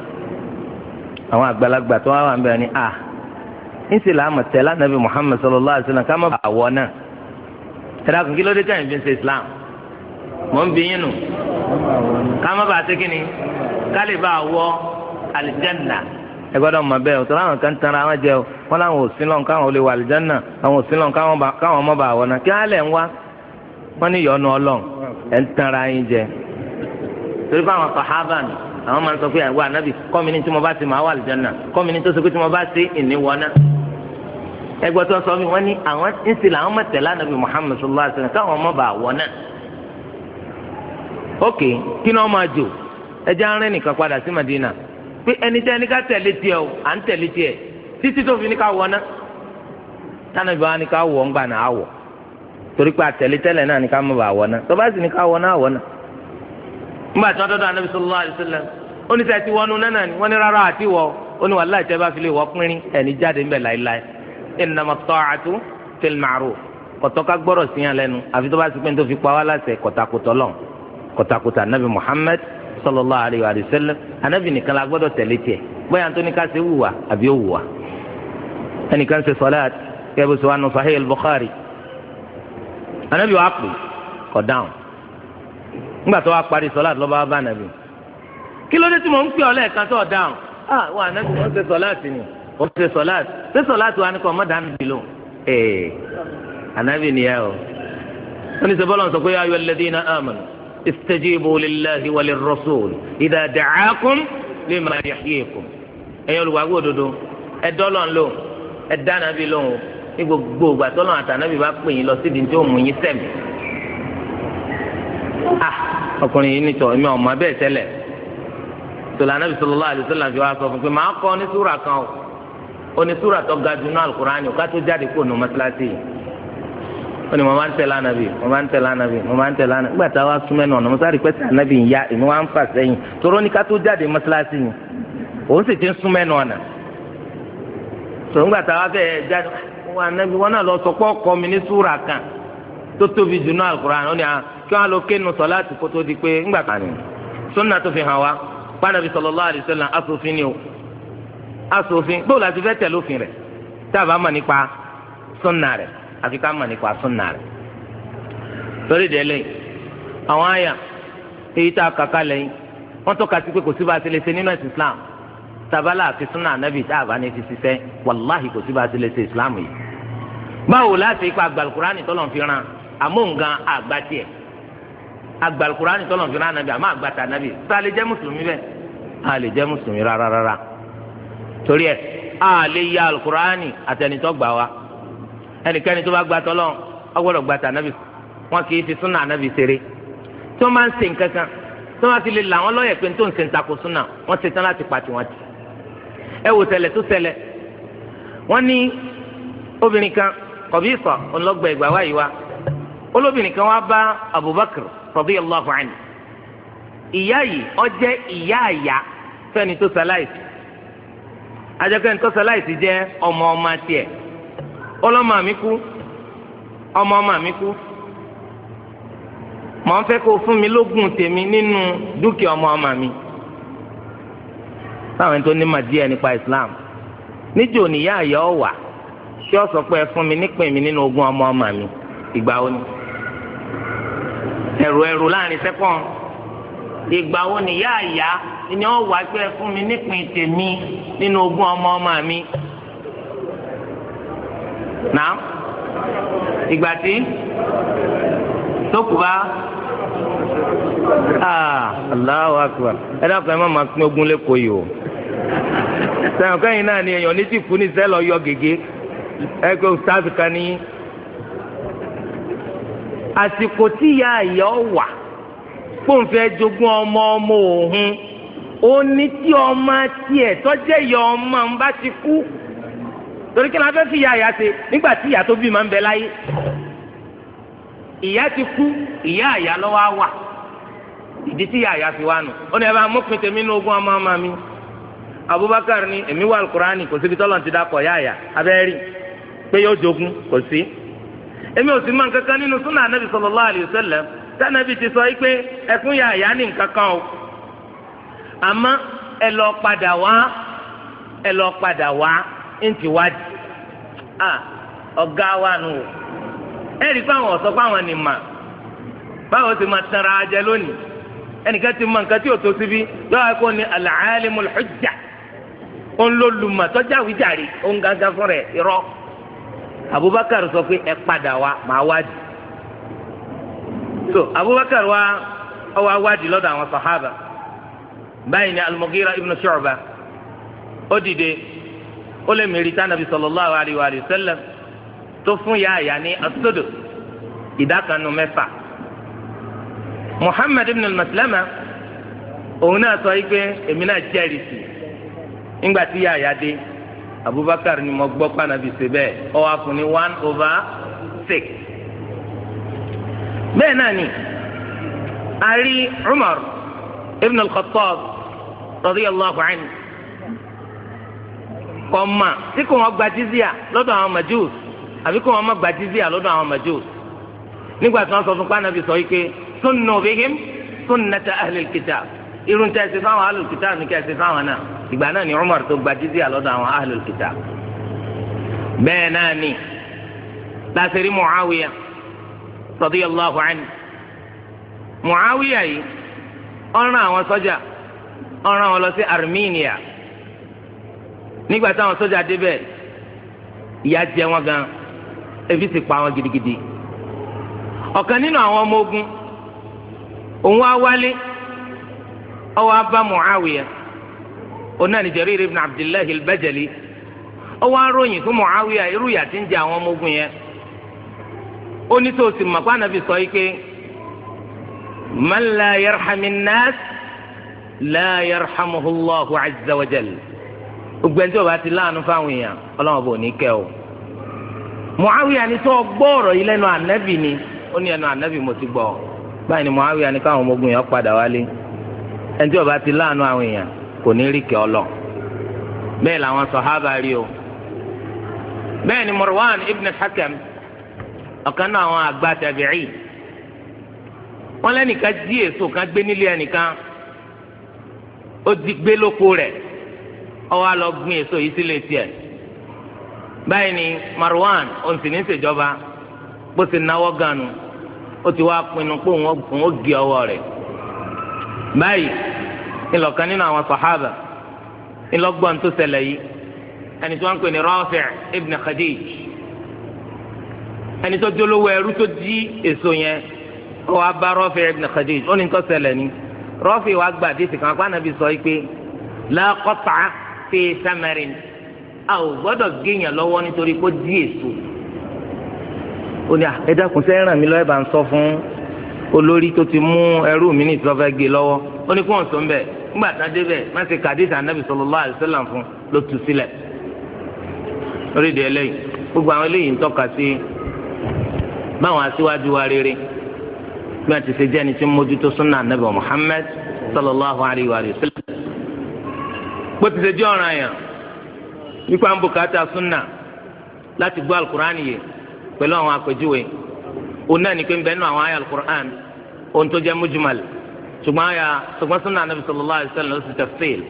àwọn àgbàlagbà tó wà ń bẹ ni a ah, ńṣe là á mọ̀ tẹ́lá nàbì Muhammad sallallahu alayhi wa sallam ká má bàa wọ náà tẹ́lá kò kí ló dé táyìn fi ń ṣe Islam mọ̀ ń bí yín nù ká má bàa ṣe kíni ká lè bàa wọ alìjẹ́nà ẹ gbọ́dọ̀ mọ̀ bẹ́ẹ̀ o tọ́lá àwọn kan tanra àwọn jẹ́ o wọ́n láwọn ò lọ́n káwọn ò lè wọ àwọn ò lọ́n káwọn má bàa wọ náà kí á ń wá wọ́n ní ìyọnu àwọn máa ń sọ pé àìwá anábì kọ́mi ní tí mo bá ti máa wà àlùjánnà kọ́mi ní tó sọ pé tí mo bá ti ìní wọná. ẹgbẹ́ tó sọ mi wọ́n ní àwọn ń sì làwọn mọ̀ tẹ̀lé anábì Muhammad sallallahu alaihi wasallam káwọn ọmọ bá wọná. ok kí ni wọ́n máa jò ẹjẹ́ arìn nìkan padà sí Madina pé ẹni tẹ́ ẹni ká tẹ̀lé tiẹ̀ o à ń tẹ̀lé tiẹ̀ títí tó fi ní ká wọná. tánàbí wa ni ká wọ̀ ńgbà náà àwọ̀ torí pé àtẹ̀lé tẹ́lẹ̀ náà ni ká mọ̀ bá náà nígbà tí wọn dọdọ anabi sallallahu alaihi wasallam ó ní sẹẹtì wọnú nánà ni wọn ní rárá àti wọ ó ní wàhálà ìtẹ́ bá fi lè wọ pínrín ẹni jáde ńbẹ láéláé innama ta'atu fil ma'ruf kọtọ ká gbọ́rọ̀ sí yàn lẹ́nu àfi tó bá ti pín tó fi pa wá láṣẹ kọtakùtọ lọ kọtakùtà anabi muhammad sallallahu alaihi wa sallam anabi nìkan la gbọ́dọ̀ tẹ̀lé tiẹ̀ bóyá tó ní ká ṣe wù wá àbí ó wù wá ẹnìkan ṣe sọláàt ńgbà tó wá parí sọláàtì lọ́ba bá nàbì kí ló dé tí mò ń pè ọ́ lẹ́ẹ̀kan tó dáhùn ah wà nàbì wọ́n ṣe sọláàtì ni wọ́n ṣe sọláàtì ṣé sọláàtì wa ni kò mọ́ dáná bì lò ee ànábì nìyẹn o wọ́n ní sọ́bọ́lọ́ sọ pé ayọ̀ alladhina amanu istajibu lillahi wa lirrasul idha da'akum lima yahyikum ẹ̀yin olùwàgbọ́ òdodo ẹ̀dọ́lọ́ ńlò ẹ̀dá nàbì lòun ní gbogbo ìgbà tọ́lọ́ àtànàbì bá pè yín lọ sídìí tí ó ah ọkùnrin yìí nìtọ èmi ọmọ bẹ́ẹ̀ tẹ́lẹ̀ tòlá anábì sallallahu alaihi wasallam fi wá sọ fún pé màá kọ́ ní súrà kan o ó ní súrà tó ga jù alukur'ani o ká tó jáde kó nu mọ́sálásí yìí ó ní mo máa ń tẹ̀lé anabi mo máa ń tẹ̀lé anabi mo máa ń tẹ̀lé anabi nígbà táwa súnmẹ́ nù ọ̀nà mo sáré pẹ́sẹ́ anabi ń ya èmi wá ń fà sẹ́yìn toró ní ká tó jáde mọ́sálásí yìí òun sì ti ń súnmẹ́ nù ọ̀nà tòun gbà táwa fẹ́ jáde anabi wọn náà lọ sọ pé ọkọ mi ní súrà kan tó tóbi jù alukur'ani ó ní ah, kí wọn lọ kéènù sọláàtì kó di pé ńgbà kan sunna tó fi hàn wá pànàbí sallallahu alaihi asòfin ni o asòfin bóòlù àti fẹ́ tẹ̀lé òfin rẹ̀ táàbà mọ̀ nípa sunna rẹ̀ àfi ká mọ̀ nípa sunna rẹ̀. torí délé àwọn àyà èyí tá a kàkà lẹ́yìn wọ́n tọ́ka sí ti lè ṣe nínú ẹ̀sìn Islam anabi ní ti ṣiṣẹ́ wàláhì kò sí bá a ti lè ṣe Islam yìí. báwo láti ipa àgbàlùkùránì fi agbalukurani tọ́lọ̀ fi rán anabi àmọ́ àgbàtà anabi tá a lè jẹ́ mùsùlùmí bẹ́ẹ̀ a lè jẹ́ mùsùlùmí rárá rárá torí ẹ a lè ya alukurani àtẹnitọ́ gbà wa ẹnikẹ́ni tó bá gba tọ́lọ̀ ọgbọ́dọ̀ gbàtà anabi wọn kì í fi súnà anabi ṣeré tó máa ń ṣe nǹkan kan tó máa fi lè là wọn lọ́yẹ̀ pé tó ń ṣe ntako súnà wọ́n ṣe tán láti pàtì wọn ti ẹ wò tó tẹ̀lẹ̀ wọ́n ní obìnrin kan kọ̀bí ìsọ̀ ọlọ́gbà ìgbà wáyé wa olóbìnrin kan wá bá Abubakar radiyallahu anhu ìyá yìí ó jẹ́ ìyá àyà fẹ́ni tó ṣaláìsí ajẹ́kẹ́ni tó jẹ́ ọmọ ọmọ tiẹ̀ ọlọ́mọ mi kú ọmọ ọmọ mi kú mọ̀ ń fẹ́ kó fún mi lógún tèmi nínú dúkìá ọmọ ọmọ mi ẹni tó ní màdíẹ̀ Islam àyà ọ̀wà pé mi nípìn mi nínú ogún ọmọ ọmọ mi ìgbà wo ni. ẹrù ẹrù láàrin sẹ́kọ̀n ìgbà wo ni yá àyà ni wọ́n wá pé fún mi nípìn tèmi nínú ogún ọmọ ọmọ mi náà ìgbà tí tókùbá aláwọ ah, akbar ẹ dákun ẹ má máa pín ogún lẹ́kọ̀ọ́ yìí o sẹ́yìn kẹ́yìn náà ni èèyàn ní ti kú ní sẹ́lọ̀ yọ gègé ẹ pé ustaz àsìkò tí ìyá ìyá ọ wà fóun fẹ́ jogún ọmọ ọmọ òun ó ní tí ọmọ tiẹ̀ tọ́jẹ́ ìyá ọmọ ń bá ti kú torí kí ni a fẹ́ fi ìyá ìyá ṣe nígbà tí ìyá tó bí máa ń bẹ láyé ìyá ti kú ìyá ìyá lọ́wọ́ wà ìdí tí ìyá ìyá fi wá nù ó ní ẹ bá mọ́pin tèmi ní ogún ọmọ ọmọ mi Abubakar ni èmi wà lùkùránì kò síbi tọ́lọ̀ ti dà pọ̀ yá ìyá abẹ́rẹ́ pé yóò jogún kò sí. èmi ò sì mọ nǹkan kan nínú súnà sallallahu alayhi wa sallam ti sọ pé ẹkún yà àyà ní o àmọ́ ẹ lọ padà wá ẹ lọ padà wá ti wa nù o ẹ rí i ọ̀sọ́ ni mà báwo ti máa tanra ajẹ lónìí ẹnìkan ti o nǹkan tí ò tó síbi kó ní Abubakar sọ pé ẹ padà wá màá wádìí so Abubakar wa ọwọ awádìí lọ́dọ̀ àwọn sahaba báyìí ni Al-Mughira ibn Shu'ba ó dìde ó lè mèrì tá nàbì sallallahu alayhi wa sallam tó fún ya àyà ní asodò ìdákanu mẹ́fà Muhammad ibn al-Maslama òun náà sọ yìí pé èmi náà jẹ́rìí sí i tí ya àyà dé abubakar ni mo gbọ́ pa nàbí ṣe bẹ́ẹ̀ ọ wá fún ní one over six bẹ́ẹ̀ náà ni a rí umar ibn al-khattab radiyallahu anhu kọ́mà tí kò wọ́n gba jizíà lọ́dọ̀ àwọn majus àbí kò wọ́n má gba jizíà lọ́dọ̀ àwọn majus nígbà tí wọ́n sọ fún pa nàbí sọ yìí sunnu bihim sunnata ahlil kitab. Iru tẹ́ ẹ ṣe fáwọn ahlul kitab ní kẹ́ ẹ ṣe fáwọn náà ìgbà náà ni Umar tó gba àwọn bẹ́ẹ̀ náà ni lásìrí Muawiya Muawiya yìí ọ̀ràn àwọn sọ́jà ọ̀ràn lọ sí Armenia nígbà táwọn sọ́jà débẹ̀ jẹ wọn gan ebi sì pa wọn gidigidi ọ̀kan nínú àwọn ọmọ ogun òun wá ọwọ́ abá muawiya onáni jarir ibn abdullahi al-bajali ọwọ́ aróyìn fún muawiya irú ìyà tí ń jẹ àwọn ọmọ ogun yẹn ó ní tó sì mọ̀ pé sọ yìí man la yarhami nas la bá ti fáwọn o muawiya ni tó yìí ni ó ní ẹnu ti báyìí ni muawiya ni káwọn ọmọ ogun ẹni tí ó bá ti láàánú àwọn èèyàn kò ní rí kẹ́ ọ lọ bẹ́ẹ̀ làwọn sọ̀hábà rí o bẹ́ẹ̀ ni Marwan ibn Hakam ọ̀kan náà àwọn àgbà tàbíì wọ́n lẹ́nìkan dí èso kan gbé nílé ẹnìkan ó di gbé lóko rẹ̀ ó wá lọ gbin èso yìí sílé tiẹ̀ báyìí ni Marwan òǹsìn ní ìṣèjọba bó ti náwó ganu ó ti wá pinnu pé òun ó gé ọwọ́ rẹ̀ báyìí ìlọ̀kan nínú àwọn sàhábà ìlọ́gbọ́n tó ṣẹlẹ̀ yìí ẹni tí wọ́n ń pè ní Rafi' ibn Khadij ẹni tó jólówó ẹrú tó jí èso yẹn ó wá bá Rafi' ibn Khadij ó ní tó ṣẹlẹ̀ ni Rafi' wá gba àdéhùn kan apá nàbí sọ pé la fi samarin a ò gbọ́dọ̀ géèyàn lọ́wọ́ nítorí kó jí èso ó ní ah, ẹ̀dá kùsẹ́ ràn mí lọ́wọ́ olórí tó ti mú ẹrú mi ní ìtọ́fẹ́ gé lọ́wọ́ ó ní kó wọn sọ ń bẹ̀ tá a débẹ̀ má ti kàdísà anábì sallallahu alaihi wasallam fún ló tu sílẹ̀ lórí ìdí ẹlẹ́yìn gbogbo àwọn eléyìí ń tọ́ka sí báwọn aṣíwájú wa rere bí wọ́n ti ṣe jẹ́ni tí ń mójútó súnà anábì bó ti ṣe jẹ́ ọ̀ràn yẹn nípa ń bùkátà súnà láti gbọ́ yìí pẹ̀lú àwọn òun náà ní pé ń bẹ nínú àwọn àyà alukur'an ohun tó jẹ́ mujmal ṣùgbọ́n àyà ṣùgbọ́n sunna anabi sallallahu alayhi wa sallam ló ti tafsil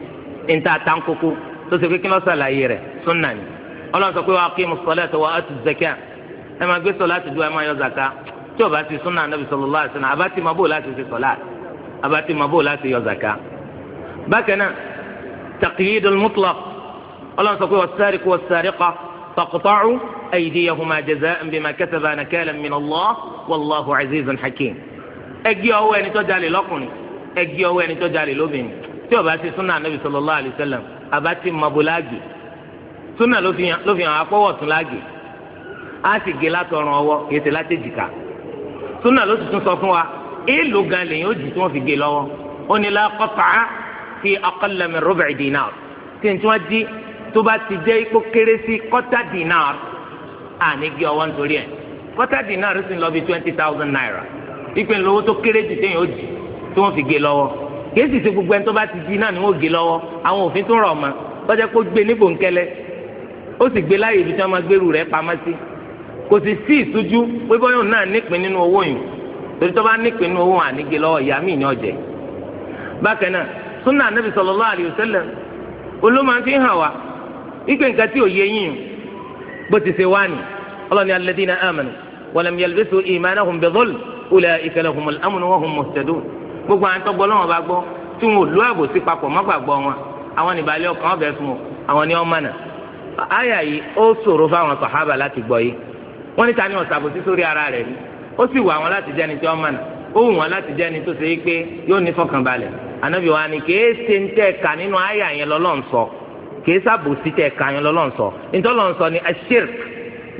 ń ta tankoko tó ṣe pé kí ló ṣàlàyé rẹ̀ sunna ni ọlọ́run sọ pé wa aqimu salata wa atu zakat ẹ máa gbé sọlá ti dúró ẹ máa yọ zaka tí o bá ti sunna anabi sallallahu alayhi wa sallam abati mabó láti ṣe sọlá abati mabó láti yọ zaka bákan náà taqyidul mutlaq ọlọ́run sọ pé was-sariqu sariqa تقطع أيديهما جزاء بما كسبا نكالا من الله والله عزيز حكيم ẹgbẹ́ ọwọ́ ẹni tó jalè lọ́kùnrin ẹgbẹ́ ọwọ́ ẹni tó jalè lóbìnrin tí ó bá ti súnà Ànábì sallallahu alaihi wasallam àbá ti mọ̀bù láàgì súnà ló fi hàn apọ́wọ̀ tún láàgì á sì gé látọrùn ọwọ́ kì í ṣe láti jìkà súnà ló tuntun sọ fún wa èèlò gan lèyìn ó jì tí wọ́n fi gé lọ́wọ́ ó ní la qat'a fi aqalla min rub'i dinar tí n tí wọ́n di tó bá ti jẹ́ ipò kéré sí kọ́tà dinar àní gé ọwọ́ nítorí ẹ̀ kọ́tà dinar sì ń lọ bí twenty thousand naira ìpè ńlọ́wọ́ tó kéré jù téèyàn ó jì tí wọ́n fi gé lọ́wọ́ kìí sì ṣe gbogbo ẹni tó bá ti jí náà ni wọ́n gé lọ́wọ́ àwọn òfin tó rọ̀ ọ́ ma kọjá kó gbé ní bòńkẹ́lẹ́ ó sì gbé láàyè ibi tí wọ́n máa gbèrú rẹ̀ pamọ́ sí kò sì sí ìtújú pé bọ́yọ̀ náà nípìn nínú owó yìí torí tó bá nípìn nínú owó àní gé lọ́wọ́ ìyá mi ní ọ̀jẹ̀ bákan náà súnà anábì sallallahu alaihi wasallam fi hàn wá ikpe nǹkan tí ò yé yín bó ti ṣe wá ni ọlọ́ni alladhina amanu walam yalbisu imanahum bidhulm ulaika lahumul amnu wa hum muhtadun gbogbo àwọn tọgbọ lọ́wọ́ bá gbọ́ tí wọn ò lọ àbòsí papọ̀ mọ́ gbàgbọ́ wọn àwọn nìbalẹ̀ ọkàn ọbẹ̀ fún wọn àwọn ni wọn mọ̀nà àyà yìí ó ṣòro fáwọn sàhábà láti gbọ́ yìí wọ́n níta ni ọ̀sàbòsí sórí ara rẹ̀ ni ó sì wà wọn láti jẹ́ni tí wọ́n mọ̀nà ó wù wọn láti jẹ́ni tó ṣe é pé yóò ní fọkànbalẹ̀ ànábì wa ni kèé ń tẹ̀ ká nínú àyà yẹn lọ́lọ́ kì í sábòsí tẹ kàyàn lọ́lọ́nsọ ntọ́lọ́nsọ ni ashirk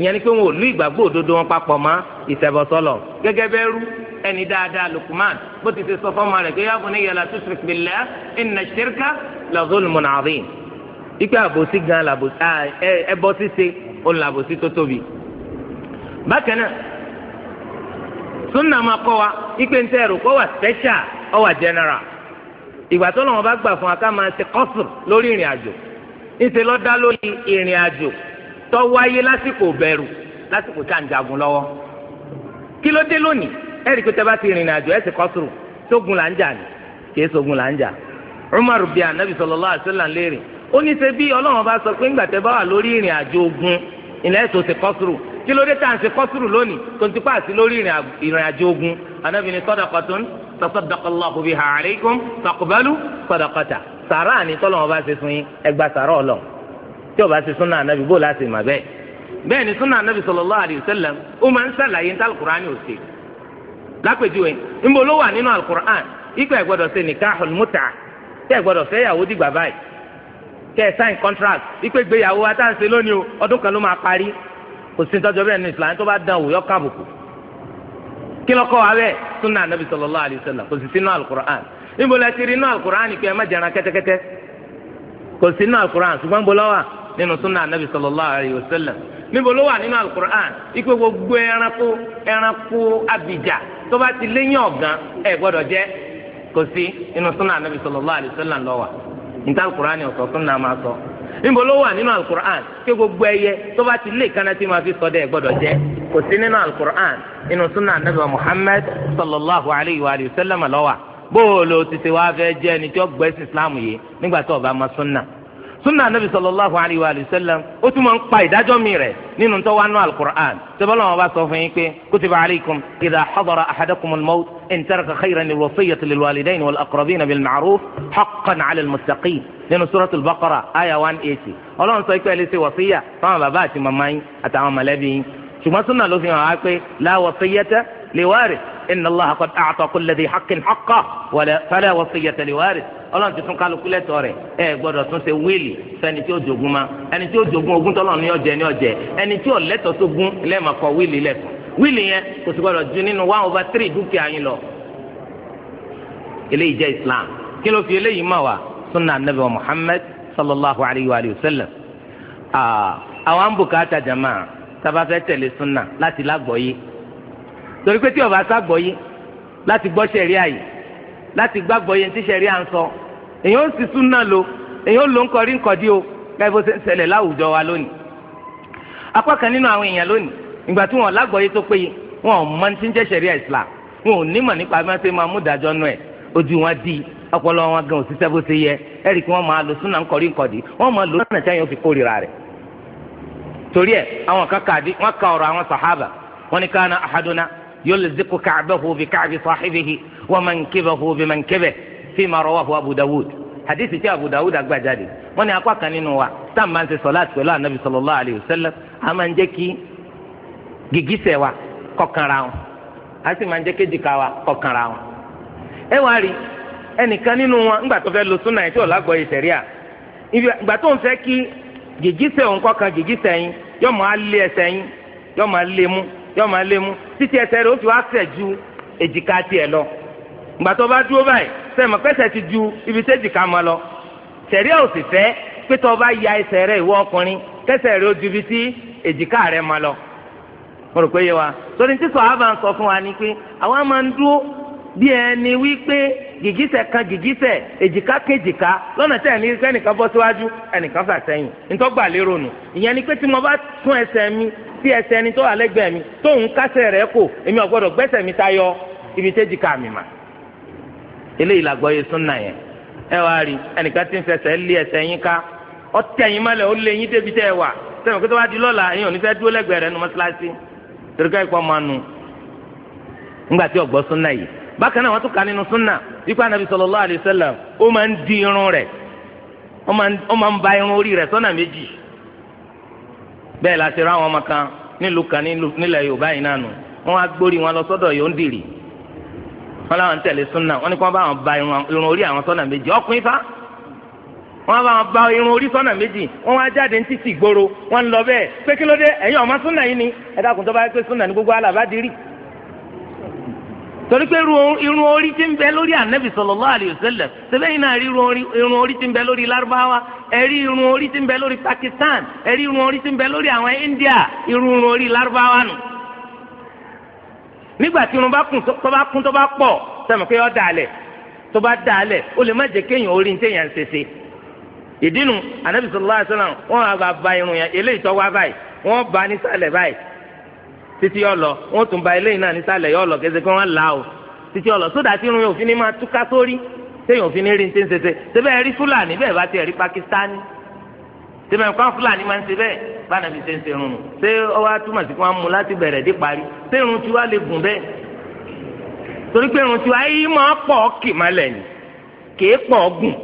ìyẹn ni pé wọn ò lú ìgbàgbọ́ òdodo wọn papọ̀ mọ́ ìṣẹ̀bọ̀sọlọ gẹ́gẹ́ bẹ́ẹ̀ rú ẹni dáadáa Lukman bó ti ti sọ fọ́mọ rẹ̀ pé ya bunayya la tushrik billah inna shirka la zulmun azim ikú àbòsí gan làbòsí ẹbọ ṣíṣe òun làbòsí tó tóbi. bákan náà sunna máa kọ́ wa ikú ń tẹ́ ẹ̀rù kọ́ wa special ọ ìgbà tó lọ́wọ́ bá gbà fún wa kọ́sùn lórí ìrìn àjò ńṣe ló dá lórí ìrìn àjò tó wáyé lásìkò bẹ̀rù lásìkò tá à ń jagun lọ́wọ́ kí ló dé lónìí ẹ̀rí pé tẹ́bá ti rìn àjò ẹ̀ sì kọ́ sùrù sógun là ń jà ní kìí sógun là ń jà Umar bíi anabi sallallahu alaihi wasallam léèrè ó ní ṣe bí Ọlọ́run bá sọ pé ńgbà tẹ́ bá wà lórí ìrìn àjò ogun ilẹ̀ ètò sì kọ́ kí ló dé tá à ń ṣe kọ́ lónìí tó ń ti pa lórí ìrìn àjò ogun anabi ni sadaqatun tasaddaqa Allahu biha alaykum faqbalu sadaqata sàrà àní tọ́lọ̀ bá ṣe fún yín ẹgbà sàrà ọlọ tí o bá ṣe bó láti mà bẹ́ẹ̀ bẹ́ẹ̀ ni súnà ànábì sallallahu ó máa ń ní alukur'an ṣe lápèjúwe ńbọ ló wà nínú alukur'an ikú gbọ́dọ̀ ṣe nikahul muta tẹ́ ẹ gbọ́dọ̀ fẹ́ yàwó dìgbà báyìí sign contract ikú lónìí o ọdún kan ló máa parí kò sí bẹ́ẹ̀ ní islam tó bá níbo ti rí inú alukur'an pé ẹ má jẹran Kosi kò sí inú alukur'an ṣùgbọ́n níbo ló nínú sunna anabi sallallahu alayhi wa sallam níbo ló wà gbogbo ẹranko ẹranko abidjan tó bá ti ẹ jẹ kò sí inú sunna anabi sallallahu alayhi wa sallam níta alukur'an sunna máa sọ níbo ló wà nínú alukur'an gbogbo ẹyẹ tó bá ti lé tí ma fi ẹ jẹ kò sí alukur'an inú sunna anabi muhammad sallallahu alayhi wa sallam bóòlù títí wàá fẹ́ jẹ́ ẹni tí ó gbẹ́ sí islam yìí nígbà tó ọba ma sunna sunna anabi sallallahu alayhi wa sallam ó tún máa ń pa ìdájọ́ mi rẹ̀ nínú tó wà nù alukur'an tẹ́bọ́n lọ́wọ́ bá sọ fún yín pé kutiba alaykum idha hadara ahadakum al-mawt in taraka khayran al-wasiyyata lil-walidayni wal-aqrabina bil-ma'ruf haqqan 'ala al-muttaqin nínú surat al aya one eighty ọlọ́run sọ pé ẹ lè fáwọn bàbá àti màmá àtàwọn mọ̀lẹ́bí yín ṣùgbọ́n ló fi hàn wá pé la wasiyyata li inna الله قد a'ta كل dhi حق haqqahu ولا فلا wasiyyata لوارث ọlọ́run ti tún kálukú lẹ́tọ̀ọ́ rẹ̀ ẹ gbọ́dọ̀ tún ṣe wíìlì fẹ́ni tí ó jogún ma ẹni tí ó jogún ogún tọ́lọ́ ní ọjẹ́ ní ọjẹ́ ẹni tí ó lẹ́tọ̀ọ́ tó gún lẹ́ẹ̀ma kọ wíìlì lẹ́kọ̀ọ́ wíìlì yẹn kò sì gbọ́dọ̀ ju nínú one over three dúkìá yín lọ. eléyìí jẹ́ islam kí ló fi eléyìí mà wá sunna anabi wa muhammad sallallahu alayhi wa sallam. Ah, àwọn bùkátà jama tá fẹ́ tẹ̀lé sunna láti lágbọ̀ọ́yé torí pé tí ó bá ṣàgbọ́yé láti gbọ́ sẹ̀ríà yìí láti gbàgbọ́yé tí sẹ̀ríà ń sọ èyàn ó sì súnà lo èyàn ó lò ń kọrí nkọ̀dí o káyọ̀ bó ṣe ń ṣẹlẹ̀ láwùjọ wa lónìí apá kan nínú àwọn èèyàn lónìí ìgbà tí wọn lágbọ́yé tó péye wọn ò mọ ti ń jẹ́ sẹ̀ríà Islam wọn ò nímọ̀ nípa bí wọ́n ṣe máa mú ìdájọ́ nù ẹ̀ ojú wọn di ọpọlọ wọn gan òṣìṣẹ́ bó ṣe yẹ ẹ̀rì kí wọ́n máa lo súnà nkọ̀rí nkọ̀dí wọ́n máa lo lọ́nà tí àyàn fi kórìíra rẹ̀ torí ẹ̀ àwọn kan kàdí wọ́n ka ọ̀rọ̀ àwọn sàhábà wọ́n ní káná àhádọ́nà يلزق كعبه بكعب صاحبه ومنكبه بمنكبه فيما رواه أبو داود hadisi tí abu dawud agba jáde wọn ni akpa kan nínú wa tá a máa ń ṣe sọláàtì pẹ̀lú anabi sallallahu alayhi wa sallam a máa ń jẹ́ kí wa kọkànra ẹ wá rí ẹnìkan nínú wọn ńgbà tó fẹ́ lo súnà yìí tí ọ̀la gbọ́ ìṣẹ̀rí à ìgbà tó ń fẹ́ kí gìgísẹ̀ òun kọkàn gìgísẹ̀ yín yọ máa lé ẹsẹ̀ yín yọ máa lé mú yóò máa lé mu títí ẹsẹ̀ rẹ̀ ó ti wá sẹ̀ ju èjìká tiẹ̀ lọ ìgbà tó bá dúró báyìí sẹ́mi pẹ́sẹ̀ ti ju ibi tí èjìká máa lọ sẹ̀rí ò sì fẹ́ pé bá ya ẹsẹ̀ rẹ̀ ìwọ ọkùnrin kẹsẹ̀ rẹ̀ ó ju ibi tí èjìká rẹ̀ máa lọ. mo rò pé yé wa torí tí sọ̀hábà ń sọ fún wa ni pé àwa máa ń dúró bí ẹni wípé gìgísẹ̀ kan gìgísẹ̀ èjìká kéjìká lọ́nà tẹ̀ ní kí ẹnìkan bọ́ síwájú ẹnìkan fà sẹ́yìn ntọ́gbà lérò nù ìyẹn ni pé tí mo bá tún ẹsẹ mi tí ẹsẹ ẹni tó wà lẹ́gbẹ̀ẹ́ mi ibi mi mà eléyìí yé súnà yẹn ẹ wá rí ẹnìkan ń fẹsẹ̀ lé ẹsẹ̀ yín ká ó lé yín débi tẹ́ ẹ wà tó bákan náà wọ́n tún kà nínú súnà wípé anabi sallallahu alayhi wasallam ó máa ń di irun rẹ̀ ó máa ń ba irun orí rẹ̀ sọ́nà méjì bẹ́ẹ̀ la ṣe ra àwọn ọmọ kan nílùú kan nílẹ̀ yorùbá yìí náà nù wọ́n wá gbórí wọn lọ sọ́dọ̀ yóò ń dìrì wọ́n láwọn tẹ̀lé súnà wọ́n ní kí wọ́n bá wọn ba irun orí àwọn sọ́nà méjì ọkùnrin fa wọ́n bá wọn ba irun orí sọ́nà méjì wọ́n wá jáde ní títì gbòòrò wọ́n lọ bẹ́ẹ̀ pé kí ló dé ẹ̀yin ọmọ súnà yìí ni ẹ torí pé irun orí ti ń bẹ lórí anabi sallallahu alayhi wa sallam sẹbẹyìn náà rí irun orí ti ń bẹ lórí Lárúbáwá ẹ rí irun orí ti ń bẹ lórí Pakistan ẹ rí irun orí ti ń bẹ lórí àwọn India irun orí Lárúbáwá nù. nígbà tí irun bá kún tó bá kún tó bá pọ̀ sẹ́mi pé ó dà lẹ̀ tó bá dà lẹ̀ ó lè má jẹ́ kéèyàn orí ní èèyàn ṣèṣe. ìdínú anabi sallallahu alayhi wọn àgbà ba irun yẹn eléyìí tó wá báyìí wọn bá nísàlẹ̀ báyìí títí yọ lọ wọn tún ba eléyìí náà nísàlẹ̀ yọ lọ kẹsẹ kí wọn là o títí yọ lọ sódà tí irun yóò fi ní máa túká sórí téèyàn fi rí ní tẹ́sẹ̀tẹ́ tẹ́bẹ̀ rí fúlàní bẹ́ẹ̀ bá tiẹ̀ rí pakistani tẹ́bẹ̀ kọ́ fúlàní máa ń ṣe bẹ́ẹ̀ báná fi ṣe ń ṣe rún ṣé ọ wá túmọ̀ sí kí wọ́n mú láti bẹ̀rẹ̀ dé parí ṣé irun tí wàá lè gùn bẹ́ẹ̀ torí pé irun tí wàá yí máa pọ̀ kì má lẹ́yìn kì í pọ̀ gùn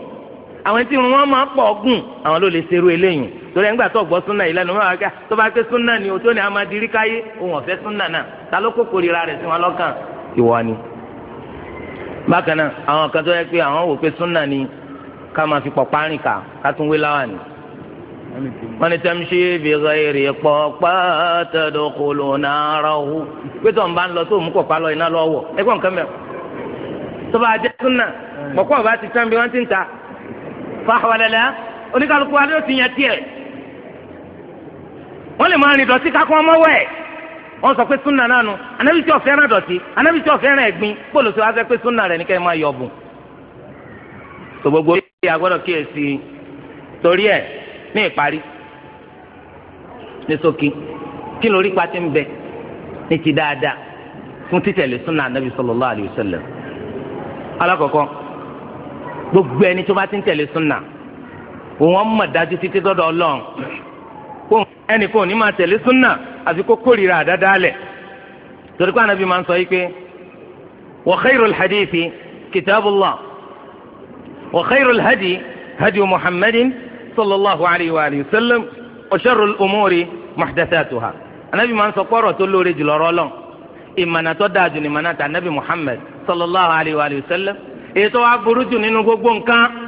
àwọn tí irun wọn máa pọ̀ gùn àwọn ló lè ṣerú eléyìí torí ẹgbà tó gbọ́ súnà yìí lẹ́nu máa gbà tó bá ké súnà ni òtó ni amadiri káyé òun ọ̀fẹ́ súnà náà ta ló kókò rira rẹ̀ sí wọn lọ́kàn ìwọ ni. bákan náà àwọn kan tó yẹ pé àwọn wò pé súnà ni ká máa fi pọ̀pá rìn kà ká tún wé láwà ni. wọ́n ní tẹ́mṣí bìrẹ̀ èrè pọ̀pá tẹ̀dọ̀kọlù náírà hù pé tó ń bá ń lọ tó mú pọ̀pá lọ iná lọ́wọ́ ẹgbọ́n nǹkan mẹ́rin tó bá oníkàlùkù adé ó ti yẹn tiẹ̀. wọ́n lè máa rìn dọ̀tí kakọ́ ọmọ wẹ̀ wọ́n sọ pé súnà anabi tí dọ̀tí tí ẹ̀gbin bóòlù tí wọ́n á fẹ́ pé súnà rẹ̀ ní kẹ́ ẹ máa yọ bùn. tó gbogbo yìí agbọ́dọ̀ kíyèsí torí ẹ̀ ní ìparí ní ṣókí kí lórí pa ti ń bẹ ní ti dáadáa gbogbo ẹni tó bá ti ń tẹ̀lé súnà òun ọmọ dájú kó ẹnìkan ò ní máa tẹ̀lé súnà àfi kó kórìíra àdáda lẹ̀ torí pé anabi máa ń sọ yìí pé wa khayrul hadithi kitabullah wa khayrul hadi hadi muhammadin sallallahu alayhi wa sallam wa sharrul umuri muhdathatuha anabi máa ń sọ kọ́rọ̀ tó lóore jùlọ rọ́lọ́n ìmọ̀nà dáa jù ní mọ̀nà muhammad sallallahu alayhi wa sallam èyí tó wàá burú jù nínú gbogbo nǹkan.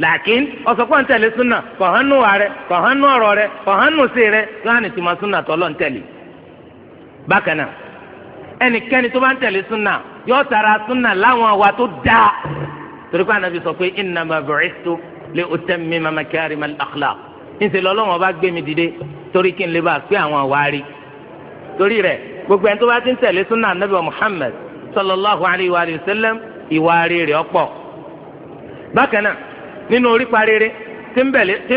làákín ọ̀sọ̀kọ́ ń tẹ̀lé súnà kọ̀hánú ààrẹ kọ̀hánú ọ̀rọ̀ rẹ kọ̀hánú sí rẹ yóò ní tuma súnà tọ́lọ̀ ń tẹ̀lé. bákan náà ẹnikẹ́ni tó bá ń tẹ̀lé súnà yóò tara súnà láwọn àwa tó dáa torí pé anabi sọ pé innama bu'istu li utammima makarima al-akhlaq ńṣe lọ́lọ́wọ́n bá gbé mi dìde torí kí n lè bá pé àwọn àwárí torí rẹ gbogbo ẹni tó bá ti ń súnà anabi muhammad sallallahu alayhi wa sallam ìwárí rẹ̀ ọ̀pọ̀ bákan nínú orípa rere tí ń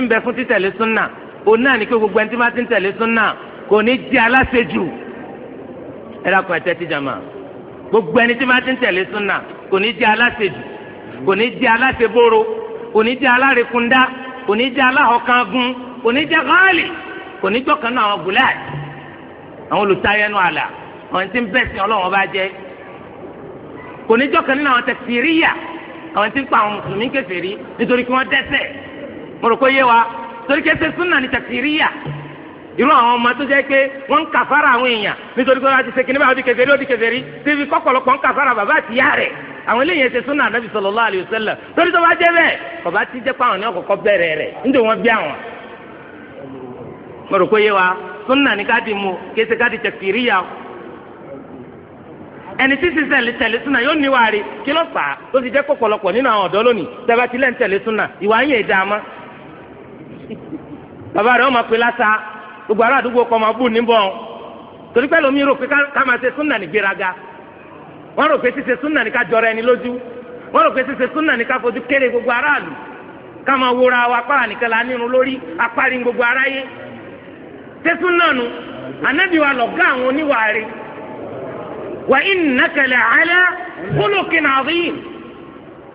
bẹ fún títẹ̀lé súnà òun náà ní kí gbogbo ẹni tí bá ti ń tẹ̀lé súnà kò ní jẹ́ aláṣejù ẹ dákun ẹ̀tẹ́ ti jàmà gbogbo ẹni tí bá ti ń tẹ̀lé súnà kò ní jẹ́ aláṣejù kò ní jẹ́ aláṣeboro kò ní jẹ́ alárekunda kò ní jẹ́ aláhọ̀kangun kò ní jẹ́ gáàlì kò ní jọ́kan náà àwọn gùlẹ́ẹ̀ àwọn olùtayẹnu àlà àwọn tí ń bẹ̀sìn ọlọ́wọ́n bá jẹ́ kò ní jọ́kan náà àwọn tẹ̀síríyà àwọn tí ń pa àwọn mùsùlùmí kèfèrí nítorí kí wọ́n dẹ́ṣẹ̀ mo rò pé yé wa torí kẹsẹ̀ súnà ní takfiriya irú àwọn ọmọ tó jẹ́ pé wọ́n ń kàfàrà àwọn èèyàn nítorí pé wọ́n ti ṣe kíní báyìí ó di kèfèrí ó di kèfèrí síbi kọ́kọ̀lọ́pọ̀ ń kàfàrà bàbá àtìyá rẹ̀ àwọn eléyìí ẹsẹ̀ súnà ànábì sallallahu alaihi wasallam torí tó bá jẹ́ bẹ́ẹ̀ bàbá ti jẹ́ pé àwọn ní ọ̀kọ̀kọ́ bẹ̀rẹ̀ rẹ̀ nítorí wọ́n bí àwọn. mo rò pé yé wa súnà ẹni tí sísẹ lè tẹ̀lé súnà yóò níwà rí kí ló fà á ló ti jẹ́ pọ̀pọ̀lọpọ̀ nínú àwọn ọ̀dọ́ lónìí tẹ́fà tilẹ̀ ń tẹ̀lé súnà ìwà yín èdè àmọ́. bàbá rẹ̀ ọmọ pé lásà gbogbo ará àdúgbò kọ́ máa bù níbọ̀ torí pẹ́ lómi rò pé ká máa ṣe súnà ní gbéraga wọ́n rò pé ṣíṣe súnà ní ká jọra ẹni lójú rò pé ṣíṣe súnà ní ká fojú kéré gbogbo aráàlú ká máa wúra wa apá nìkan la nírun lórí apá rí gbogbo aráyé ṣé súnà nu ànábì wa àwọn oníwàárí وإنك لعلى خلق عظيم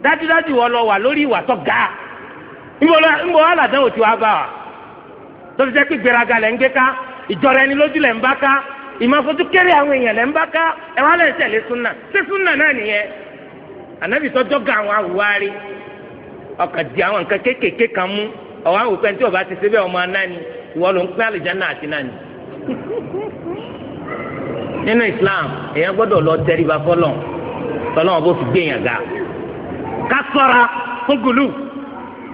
ala wọ́n lọ wà lórí ìwà tó ga ńbọ aládánwò tí wàá bá wa tó ti jẹ́ pé gbéraga lẹ̀ ń gbé ká ìjọra ẹni lójú lẹ̀ ń bá ká ìmọ̀fojú kéré àwọn di àwọn nǹkan kéékèèké kan mú ọ̀wá àwùpẹ́ tí ọba ti ṣe bẹ́ẹ̀ ọmọ anáni ìwọ ló ń pẹ́ àlùjáná àti náà ni. nínú islam èèyàn gbọ́dọ̀ lọ tẹríba fọlọ́ tọ́lọ́wọ́n bó fi gbé yàn ga ká sọ́ra fún gùlù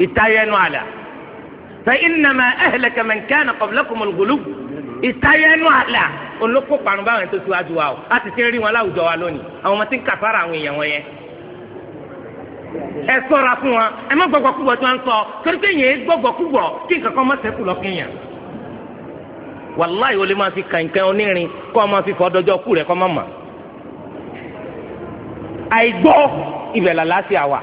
ìtayẹnu àlà fa innama ahlaka man kana qablakum al-ghulu ìtayẹnu àlà olóko parun báwọn tó tiwájú wa o a ti ti rí wọn láwùjọ wa lónìí àwọn ọmọ tí ń kàfàrà àwọn èèyàn wọn yẹn ẹ sọ́ra fún wa ẹ má gbọgbọ kúgbọ tí wọn sọ torí pé yẹn gbọgbọ kúgbọ kí nǹkan kan má ṣẹ́kù lọ kéèyàn wàláyé o lè máa fi kànkàn onírin kó o máa fi fọ́ dọjọ́ kú rẹ̀ kọ́ máa mà. àìgbọ́ ibẹ̀ làlásìá wà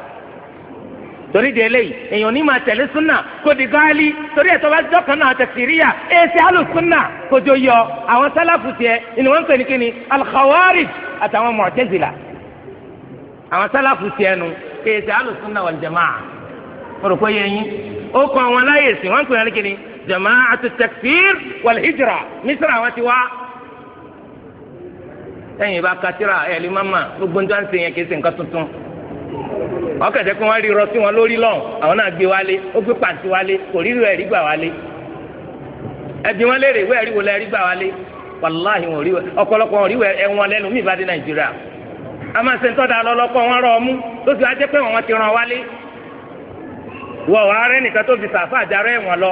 torí de eléyìí èèyàn ní máa tẹ̀lé súnà kó di gáálí torí ẹ̀ tó bá dọ́kan náà tẹ̀síríyà èsì alùsúnà kójó yọ àwọn sálàfù tiẹ̀ ni wọ́n ń pè ní kíni alkhawarij àtàwọn mọ̀tẹ́zìlà àwọn sálàfù tiẹ̀ nu èsì alùsúnà wal jamaa mo rò pé yẹn yín ó kọ àwọn aláyèsí wọ́n ń pè ní kíni jamaatu takfir walhijra misra wọn ti wá. ẹ̀yin bá katira ẹ̀ lè má ma gbogbo ń tó ń sèyàn kìí ṣe nǹkan tuntun. wọ́n kẹ̀sẹ̀ pé wọ́n rí irọ́ sí wọn lórí lọ́n àwọn náà gbé wálé ó gbé pàǹtí wálé kò rí rẹ̀ rí gbà wálé. ẹ̀dín wọn léèrè ìwé ẹ̀rí wo lẹ́ rí gbà wálé wàláhì wọn rí ọ̀pọ̀lọpọ̀ wọn rí ẹ̀wọ̀n lẹ́nu mí ìbá nàìjíríà. a lọ́lọ́pọ̀ wọn rọ ọmú lóṣù ajẹ́ pé wọn ti ràn wálé. wọ̀ wá rẹ́ nìkan tó fi sàfà àjàrà ẹ̀wọ̀n lọ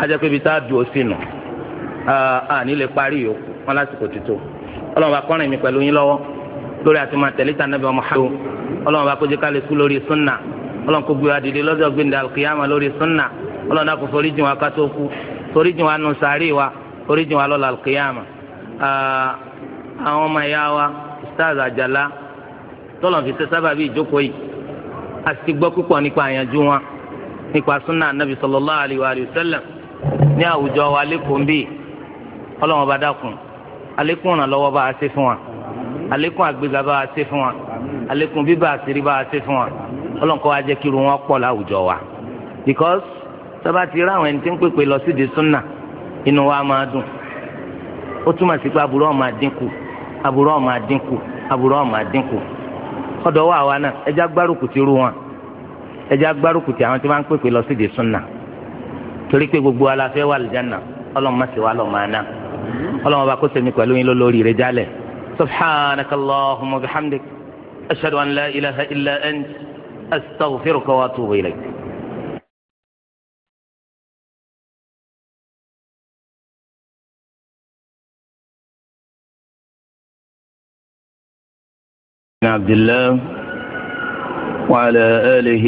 ajẹ́pẹ́ ibi tá a dùn ó sí nù àní lè parí yòókù wọn lásìkò títò ọlọ́run bá kọ́rin mi pẹ̀lú yín lọ́wọ́ lórí àti máa tẹ̀lé ta nàbẹ̀ Muhammad ọlọ́run bá kọjú kálí kú lórí sunna ọlọ́run kò gbé wa dìde lọ́jọ́ gbẹ̀ndà kìyàmà lórí sunna ọlọ́run náà kò forí jìn wa kátó kú forí jìn wa nù sàárì wa forí jìn wa lọ́la kìyàmà àwọn ọmọ ẹ̀yà wa stars àjàlá tọ́lọ̀ fi ṣe sábàbí ìjókòó yìí a ti gbọ́ púpọ̀ nípa àyànjú wọn nípa sunna anabi sallallahu alayhi wa sallam ní àwùjọ wa lẹ́kọ̀ọ́ bíi ọlọ́wọ́n bá dákun àlékún ìrànlọ́wọ́ bá a ṣe fún wa àlékún àgbéga bá a ṣe fún wa àlékún bíbá àṣírí bá a ṣe fún wa ọlọ́nkọ́ wa jẹ́ kí wọn pọ̀ láwùjọ wa because sábà ti rá àwọn ẹni tí ń pèpè lọ sídìí súnà inú wa máa dùn ó túmọ̀ sí pé aburú ọ̀ máa dínkù aburú ọ̀ máa dínkù aburú ọ̀ máa dínkù ọ̀dọ̀ wa wa náà ẹja gbárùkù ti rú wọn ẹja gbárùkù ti àwọn tí wọ́n ń pèpè lọ sídìí súnà. torí pé gbogbo wa fẹ́ wà lìjánà ọlọ́run má ṣe wà lọ́ọ́ máa ná ọlọ́run bá kó sẹ́mi pẹ̀lú yín lórí rẹ̀ jálẹ̀ subhanaka allahumma bihamdik ashhadu an la ilaha illa ant astaghfiruka wa atubu ilayk. بن عبد الله وعلى آله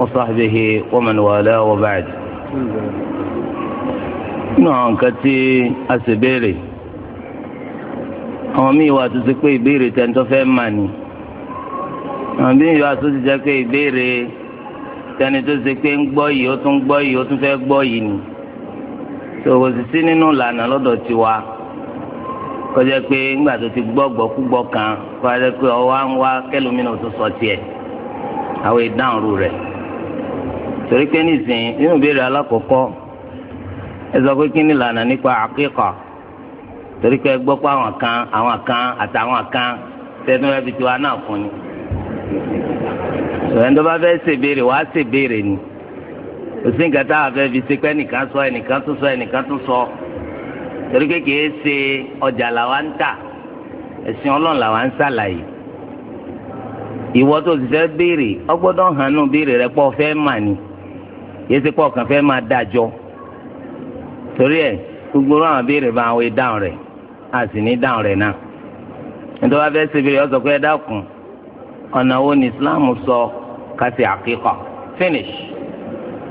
وصحبه ومن والاه وبعد nínú àwọn nǹkan tí a sì béèrè àwọn míì wà tó ti pé ìbéèrè tẹ́ńtọ́ fẹ́ mà ní àwọn míì wà tó ti jẹ́ pé ìbéèrè tẹni tó ṣe pé ń gbọ́ yìí ó tún gbọ́ yìí ó tún fẹ́ gbọ́ yìí ni tòwò sì sí nínú ìlànà lọ́dọ̀ tiwa kọjá pé ńgbà tó ti gbọ́ gbọ́kúgbọ́ kan kọjá pé ọwọ́ ń wá kẹlòmínà tó sọ tiẹ̀ àwọn ìdáhùn rẹ̀. torí pé nísìnyí nínú ìbéèrè alákọ̀ọ́kọ́ ẹ sọ pé kí ni nípa àkíkọ̀ torí pé àwọn kan àwọn kan àtàwọn kan tẹ́tún rẹ̀ fi ti wá náà fún ni bá fẹ́ ṣèbéèrè ni fi ṣe pé ẹnìkan sọ ẹnìkan tún sọ ẹnìkan tún sọ ọjà làwa ń tà ẹ̀sìn ọlọ́run làwa ń ṣàlàyé ìwọ tó ti fẹ́ béèrè ọgbọ́dọ̀ béèrè rẹ ni yìí ti pọ̀ kàn fẹ́ máa dájọ́ torí ẹ̀ gbogbo àwọn abéèrè bá àwọn ìdáhùn rẹ̀ a sì ní ìdáhùn rẹ̀ náà nítorí wọ́n fẹ́ ṣe ìbéèrè ọ̀sọ̀ pé ẹ dákun ọ̀nà wo ni Islam sọ kásì àkíkà finish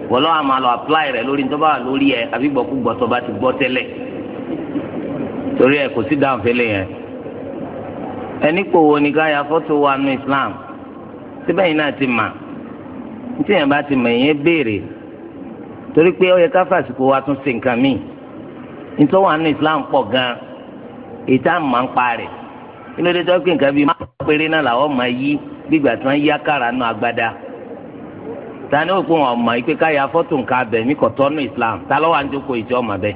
wọ́n lọ́wọ́ àmà apply rẹ̀ lórí nítorí wọ́n lórí ẹ̀ àbí gbọ́kúgbọ́ tó bá ti gbọ́ tẹ́lẹ̀ torí ẹ̀ kò sí dáhùn fẹ́lẹ̀ yẹn ẹni kò wo ni káyà fọ́tò wa nu Islam síbẹ̀ yìí náà ti mà ní tí yẹn bá ti mọ̀ yẹn béèrè torí pé ó yẹ ká fàṣìkò wa tún ṣe nǹkan míì nítorí wọn ní islam pọ̀ gan ìta máa ń pa rẹ̀ kí ló dé tó pé nǹkan bíi máa péré náà làwọn máa yí gbígbà tí wọ́n yí àkàrà náà agbada ta ni ó pé wọn mọ̀ pé ká ya fọ́tò nǹkan abẹ mi kò tọ́nu islam ta lọ́wọ́ à ń jókòó ìjọ ọmọ bẹ́ẹ̀.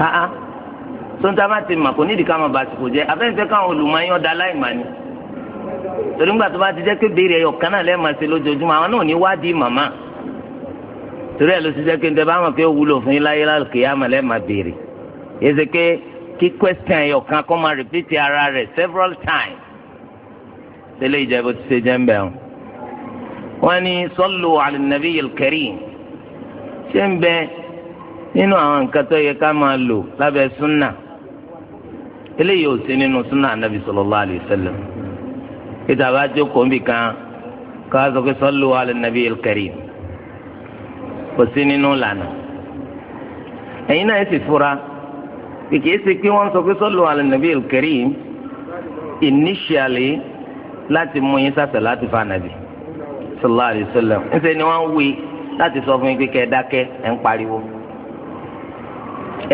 Ah, ah. sọ́ńtà bá ti mà kò nídìí ká máa bá àsìkò jẹ́ abẹ́ǹtẹ́ káwọn olùmọ̀ọ́yìn ọ̀dà aláìmọ̀ ni torí ńgbà tó bá ti jẹ́ pé béèrè ẹ̀yọ̀ kan náà lẹ́ẹ̀ máa ṣe lójoojúmọ́ àwọn náà ní wádìí màmá torí ẹ̀ ló ti jẹ́ pé ǹdẹ́ bá mọ̀ pé ó wúlò fún yín láyé lálùkè yá màlẹ́ máa béèrè èsì pé kí question ẹ̀yọ̀ kan kọ́ máa repeat ara rẹ̀ several times tẹ́lẹ̀ ìjẹ́ bó ti ṣe jẹ́ ń bẹ̀ ọ́n. wọ́n ní sallu ala nabiyil karim ṣé ń bẹ nínú àwọn nǹkan tó yẹ ká máa lò lábẹ́ súnà eléyìí ò sí nínú súnà anabi sallallahu alayhi wa sallam ìtàbá jókòó nbìkan ká sọ pé sallu ala nabiyil kò sí nínú lànà ẹ̀yin náà sì fura kìkì ṣe pé wọ́n sọ pé sọ́lù alẹ́nàbí al-karim initially láti mú yín sàṣẹ láti fa nàbì sallallahu alayhi wa sallam ńṣe ni wọ́n wí láti sọ fún yín pé kẹ́ ẹ dákẹ́ ẹ̀ ń pariwo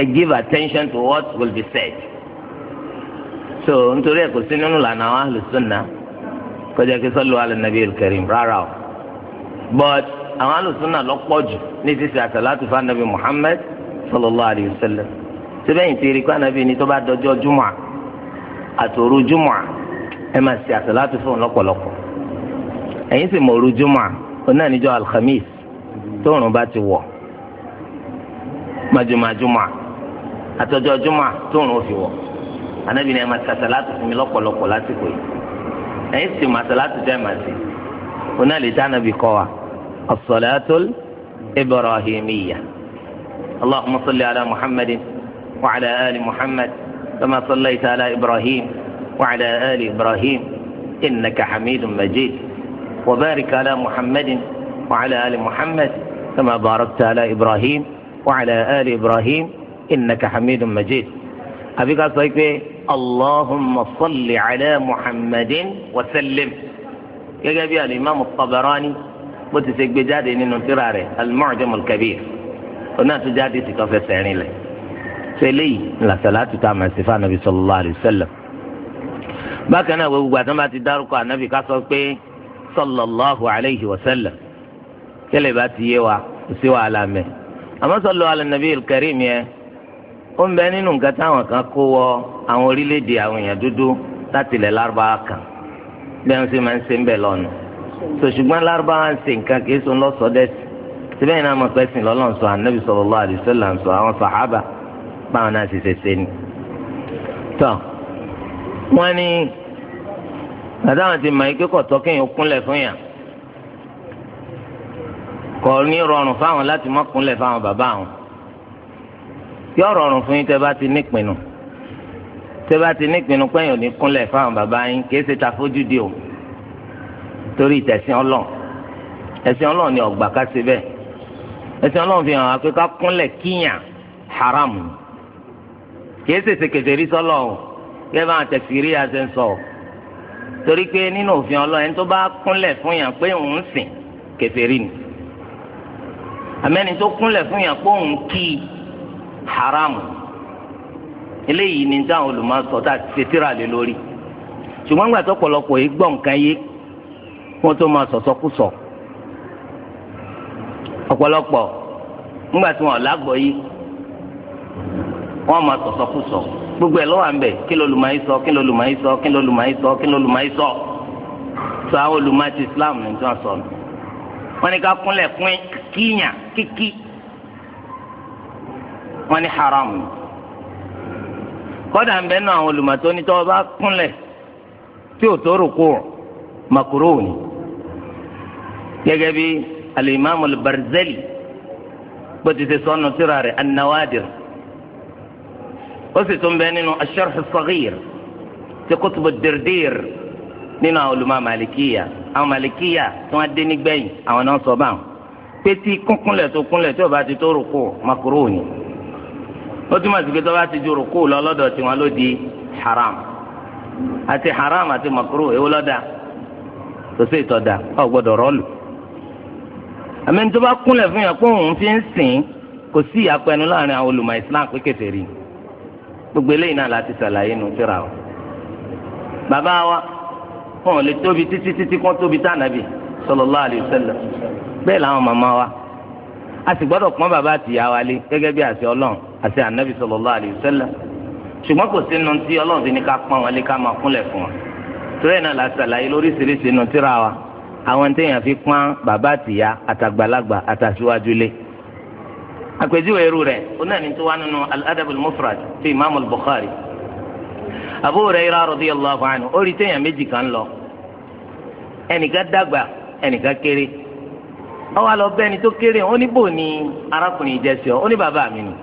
ẹ give attention to what will be said so nítorí ẹ kò sí nínú lànà àwọn ahlus sunnah kọjá pé sọ́lù alẹ́nàbí al-karim rárá o but àwọn alùsùnà lọ́pọ̀ jù ní sísè àsàlátù fún anabi muhammed sallallahu alayhi wa sallam síbẹ̀ yìí ti rí kó anabi ní tó bá dọjọ́ jùmọ̀ àtòru jùmọ̀ ẹ máa ṣe àsàlátù fún lọ́pọ̀lọpọ̀ ẹ̀yin sì mọ̀ òru jùmọ̀ onáà níjọ́ alhamis tóòrùn bá ti wọ̀ májúmájúmọ̀ àtọ́jọ́ jùmọ̀ tóòrùn ó fi wọ̀ anabi ní ẹ máa ṣe àsàlátù fún mi lọ́pọ̀lọpọ̀ lásìkò yìí ẹ̀yin sì mọ̀ àsàlátù jẹ́ màá sí onáà lè الصلاة الإبراهيمية اللهم صل على محمد وعلى آل محمد كما صليت على إبراهيم وعلى آل إبراهيم إنك حميد مجيد وبارك على محمد وعلى آل محمد كما باركت على إبراهيم وعلى آل إبراهيم إنك حميد مجيد أبيك أصدقائي اللهم صل على محمد وسلم يا جابي الإمام الطبراني bó ti ṣe gbé jáde nínú tírà rẹ̀ al-Mu'jam al-Kabir onáà tó jáde ti kọ́ fẹsẹ̀ rìn lẹ̀ ṣe eléyìí ńlá sàlátù tá a máa ṣe fún anabi sallallahu alayhi wa sallam bákan náà gbogbo àti bá ti dárúkọ anabi ká sọ pé sallallahu alayhi wa sallam kẹlẹ bá ti yé wa kò sí wàhálà mẹ àmọ́ sallu ala nabi yẹn ó ń bẹ nínú nǹkan táwọn kan kó wọ àwọn orílẹ̀ àwọn èèyàn dúdú láti lárúbáwá kan bí wọ́n ṣe máa ń ṣe ń bẹ̀ lọ́nu sòṣùgbọ́n lárúbáwá ń ṣe nǹkan kì í sọ lọ́sọ̀ dẹ́sì síbẹ̀ náà mọ̀ pẹ́sìn lọ́lọ́run sọ ànábì sallallahu alaihi wasallam sọ àwọn sàhábà báwọn náà ti ṣe ṣe ni. tọ́ wọ́n ní àtàwọn ti mọ̀ ikú kọ̀tọ́ kéèyàn kúnlẹ̀ fún yàn kò ní rọrùn fáwọn láti má kúnlẹ̀ fáwọn bàbá àwọn yóò rọrùn fún yín tẹ́ bá ti nípinnu tẹ́ bá ti nípinnu pẹ́yìn ò ní kúnlẹ̀ fáwọn bàbá yín kì í ṣe ta di o torí ìtẹ̀sìn ọlọ́run ẹ̀sìn ọlọ́run ni ọ̀gbà ká ṣe bẹ́ẹ̀ ẹ̀sìn ọlọ́run fi hàn wá pé ká kúnlẹ̀ kíyàn haram kìí ṣèṣe kèfèrí sọ́lọ̀ o yẹ́n bá tẹ̀sírí àṣẹ ń sọ torí pé nínú òfin ọlọ́run ẹni tó bá kúnlẹ̀ fún yàn pé òun sìn kèfèrí ni àmẹ́ni tó kúnlẹ̀ fún yàn pé òun kí haram eléyìí ni táwọn olùmọ̀ sọ tá a ti ṣe tíra lé lórí ṣùgbọ́n gbàtọ́ pọ̀lọpọ̀ yìí gbọ́ nǹkan yìí kí wọ́n tó máa sọ̀sọ́kùsọ̀ ọ̀pọ̀lọpọ̀ ńgbà tí wọ́n lágbọ̀ yìí wọ́n máa sọ̀sọ́kùsọ̀ gbogbo ẹ̀ lọ́wọ́ à ń bẹ̀ kí ló lùmọ̀ yìí sọ kí ló lùmọ̀ yìí sọ kí ló lùmọ̀ yìí kí ló lùmọ̀ yìí sọ àwọn olùmọ̀ ti Islam ní tí wọ́n sọ nù wọ́n ní ká kúnlẹ̀ kún kíyàn kíkí wọ́n ní haram ni kọ́dà ń bẹ́ẹ̀ náà àwọn olùmọ̀ tó ní tọ́wọ́ bá kúnlẹ̀ tí ò tó rò kó makuro ni gẹ́gẹ́ bí alimami al-Barzali bó ti ṣe sọnù tírà rẹ̀ an-Nawadir ó sì tún bẹ nínú al-Sharh as-Saghir ti Qutb ad-Dirdir nínú àwọn olùmọ̀ malikiya àwọn malikiya tí wọ́n dé nígbẹ̀yìn àwọn náà sọ báwọn pétí kúnkúnlẹ̀ tó kúnlẹ̀ tí ó bá ti tó rúkú makuru ni ó túmọ̀ sí pé tó bá ti ju rúkú lọ tiwọn ló di haram àti haram àti makuru èwo lọ́dà kò sí ìtọ́da ọ̀ gbọ́dọ̀ rọ́ọ̀lù àmẹ́ni tó bá kúnlẹ̀ fún yàn pé òun fi ń sìn kò sí ìyàpẹnu láàrin àwọn olùmọ̀ islam pé kèfèrí gbogbo eléyìí náà láti ṣàlàyé nu síra o bàbá wa wọn ò lè tóbi títí títí kó tóbi tá ànábì sallallahu alaihi wasallam bẹ́ẹ̀ làwọn màmá wa a sì gbọ́dọ̀ pọ́n bàbá àtìyá wa lé gẹ́gẹ́ bí àṣẹ ọlọ́run àti ànábì sallallahu alaihi wasallam ṣùgbọ́n kò sínú tí ọlọ́run ti ní ká pọ́n wọn lé ká máa kúnlẹ̀ fún wọn torí ẹ̀ náà láti ṣàlàyé lóríṣiríṣi nu síra wa àwọn téèyàn fi pọ́n bàbá àtìyá àtàgbàlagbà àtàṣíwájú lé àpèjúwe irú rẹ̀ ó náà ní tó wá nínú al-adabul mufrad ti imaamu bukhari abu hurairah radiyallahu anhu ó rí téèyàn méjì kan lọ ẹnìkan dàgbà ẹnìkan kéré ó wá lọ bẹ́ẹ̀ ni tó kéré ó ní bò ní arákùnrin ìjẹsì ọ ó ní bàbá mi ni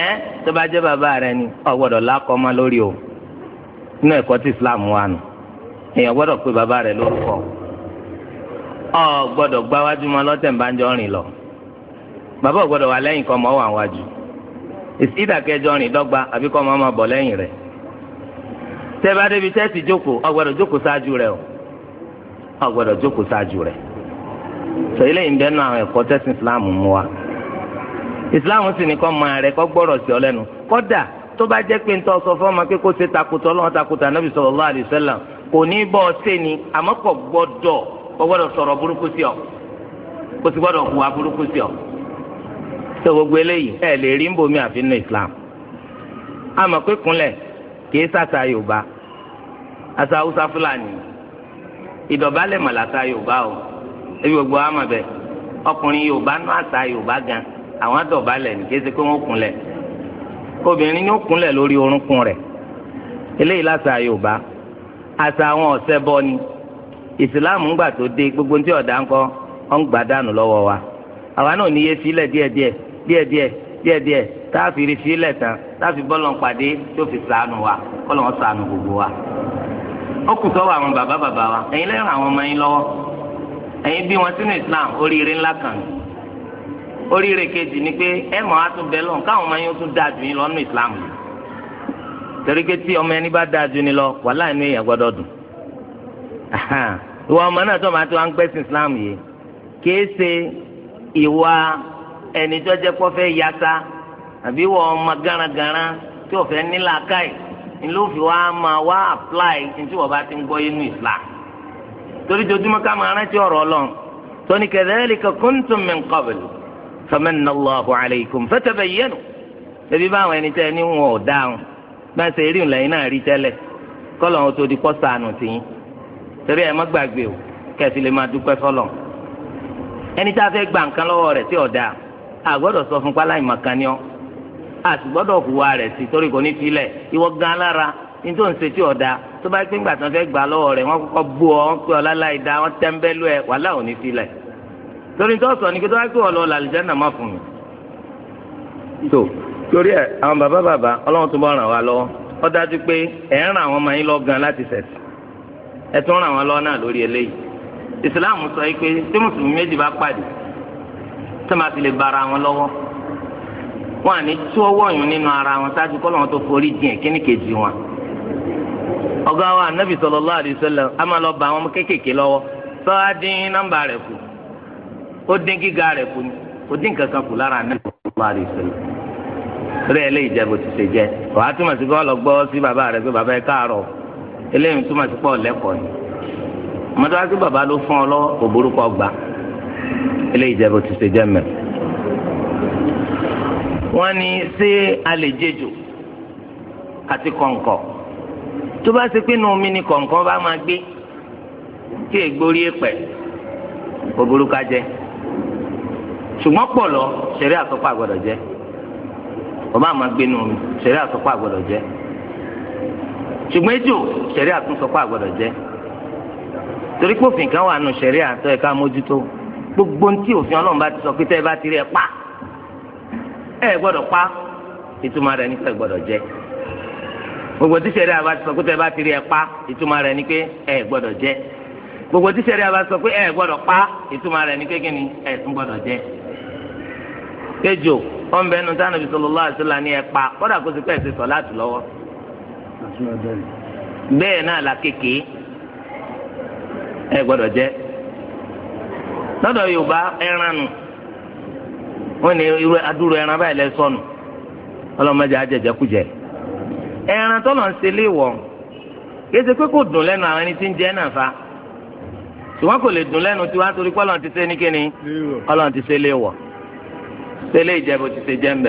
ẹ́n tó bá jẹ́ bàbá rẹ ni ọ gbọ́dọ̀ lákọ́mọ lórí o nínú ẹ̀kọ́ tí islam wà nù èèyàn gbọ́dọ̀ pé bàbá rẹ lórúkọ ọ gbọdọ gbáwájú mọ lọtẹ ń bá ń jọ rìn lọ bàbá ò gbọ́dọ̀ wà lẹ́yìn kọ mọ wà wájú ìsídàkẹjọ rìn dọ́gba àbí kọ mọ ọmọ bọ débi jókòó ọ jókòó ṣáájú o ọ gbọdọ jókòó ṣáájú rẹ sọ eléyìí ń bẹnu àwọn ìsìláàmù wa ìsìláàmù sì rẹ kọ́ gbọ́rọ̀ sí ọ tó bá pé sọ fún ọmọ pé kó ṣe ọ kò gbọ́dọ̀ sọ̀rọ̀ burúkú sí ọ kò sì gbọ́dọ̀ hùwà burúkú sí ọ tó gbogbo eléyìí ẹ lè rí nbomi àfi nínú Islam àmọ́ pé kúnlẹ̀ kìí sàtà Yorùbá àṣà Haúsá Fúlàní ìdọ̀bálẹ̀ màlàṣà Yorùbá o ebi gbogbo àmọ́ bẹ ọkùnrin Yorùbá nú àṣà Yorùbá gan àwọn àdọ̀bálẹ̀ ní kìí ṣe pé wọ́n kúnlẹ̀ obìnrin ni ó kúnlẹ̀ lórí orúnkún rẹ̀ eléyìí láṣà Yorùbá àṣà àwọn ọ̀sẹ̀ bọ́ ni. islam ńgbà tó dé gbogbo tí ọ̀dà ńkọ́ ọ̀n gbà dànù lọ́wọ́ wa àwa náà níye sílẹ̀ díẹ̀díẹ̀ díẹ̀díẹ̀ díẹ̀díẹ̀ tá fi rí sílẹ̀ tán taa fi bọ́lọ̀ pàdé tó fi sànù wa kọ́lọ̀ wọn sànù gbogbo wa. ó kù sọ́wọ́ àwọn bàbá bàbá wa ẹ̀yin lẹ́ràn àwọn ọmọ yín lọ́wọ́ ẹ̀yin bí wọn sínú Islam oríire ńlá kan oríire kejì ni pé ẹ mọ̀ á tún bẹ káwọn ọmọ Islam yìí torí ọmọ ẹni bá dáa lọ wàhálà inú ìwà ọmọ náà tó máa tó à ń gbẹ́sìn Islam yìí kìí ṣe ìwà ẹni tó jẹ́ kó fẹ́ yasa àbí ìwà ọmọ garangaran tí ò fẹ́ nílà káì ńlọ fi wá máa wá apply ntí wọ́n bá ti ń gbọ́ inú Islam torí dojúmọ́ ká máa rántí ọ̀rọ̀ Ọlọ́run tóní kadhalika kuntum min qabl famanna Allahu alaykum fatabayyanu ebi báwọn ẹni tẹ́ ẹni wọn ò dáhùn bá ṣe rí ìlànà rí tẹ́lẹ̀ kọ́lọ̀ wọn tó di pọ́ sànù tìyín torí ẹ má gbàgbé o kẹsì lè máa dúpẹ́ fọlọ́ ẹni tá a fẹ́ gba nǹkan lọ́wọ́ rẹ̀ tí ọ̀dà a gbọ́dọ̀ sọ fún pálá ìmọ̀kan ni ọ́ a sì gbọ́dọ̀ hùwà rẹ̀ sí torí kò ní filẹ̀ ìwọ gan lára ní tó ń ṣe tí ọ̀dà tó bá gbé ńgbà tí wọ́n fẹ́ gbà lọ́wọ́ rẹ̀ wọ́n kọ́kọ́ bú ọ wọ́n pe ọ̀la láì da wọ́n tẹ́ńbẹ́lú ẹ wàhálà ò ní filẹ̀ torí tó sọ ni pé tó bá gbé ọ lọ làlùjẹ́ nà má fún mi. tó torí ẹ àwọn bàbá bàbá ọlọ́run tó bá ràn wá lọ́wọ́ ó dájú pé ẹ̀ ń ràn àwọn ọmọ yín lọ gan láti ṣẹ̀sìn ẹ tún ràn wọn lọ náà lórí eléyìí islam sọ yìí pé tí mùsùlùmí méjì bá pàdé tí wọn lè bara wọn lọwọ. wọn à ní ara wọn ṣáájú tó forí kejì wọn. anabi a máa lọ bá ọmọ kéékèèké lọwọ. sọ á dín kù ó dín gíga kù ni kò dín kankan kù lára anabi sallallahu alaihi wasallam. rẹ̀ lè jẹ́ bó ti ṣe jẹ́ wàá túmọ̀ sí kọ́ lọ gbọ́ sí bàbá eléyìí túmọ̀ sí pọ̀ lẹ́kọ̀ọ́ ni mọ́tò àti bàbá ló fún ọ lọ́wọ́ kò burúkọ gbà eléyìí jẹ́ bó ti ṣe jẹ́ mẹ́. wọ́n ní ṣé a lè jẹ́jọ́ àti kọ̀ǹkọ̀ tó bá ṣe pé inú omi ni kọ̀ǹkọ̀ bá máa gbé tí ègbórí èpẹ̀ kò burúkọ jẹ́ ṣùgbọ́n pọ̀ lọ ṣẹ̀rí àsopọ̀ àgbọ̀dọ̀ jẹ́ ọba àmọ́ gbénu ṣẹ̀rí àsopọ̀ àgbọ̀dọ̀ jẹ́ ṣùgbọ́n ejò ṣẹ̀rí àtúnṣe pa àgbọ̀dọ̀ jẹ́ torí pé òfin kan wà nù àtọ́ gbogbo ntí òfin ọlọ́run bá ti sọ pé tẹ́ ẹ bá ti rí ẹ pa ẹ gbọ́dọ̀ pa ìtumọ̀ ní gbogbo tí àbá ti sọ pé tẹ́ ẹ bá ti rí ẹ pa ìtumọ̀ ní ẹ gbogbo tí àbá ti sọ pé ẹ gbọ́dọ̀ pa ìtumọ̀ ní kí ni ẹ tún gbọ́dọ̀ ọ̀nbẹ́nu tánàbí pa kọ́dà kó ti pẹ́ bẹ́ẹ̀ náà la kékeré ẹ gbọ́dọ̀ jẹ́ lọ́dọ̀ yorùbá ẹran nù wọ́n ní irú adúrò ẹran báyìí lẹ sọnù ọlọ́mọdé ajẹjẹkújẹ ẹran tọ́lọ̀ ń ṣe léèwọ̀ kéde pé kò dùn lẹ́nu àwọn ẹni tí ń jẹ́ náà fa ṣùgbọ́n kò lè dùn lẹ́nu tiwa torí pé ti ṣe ní kíni ti ṣe léèwọ̀ ṣe ìjẹ́bù ti jẹ́ ń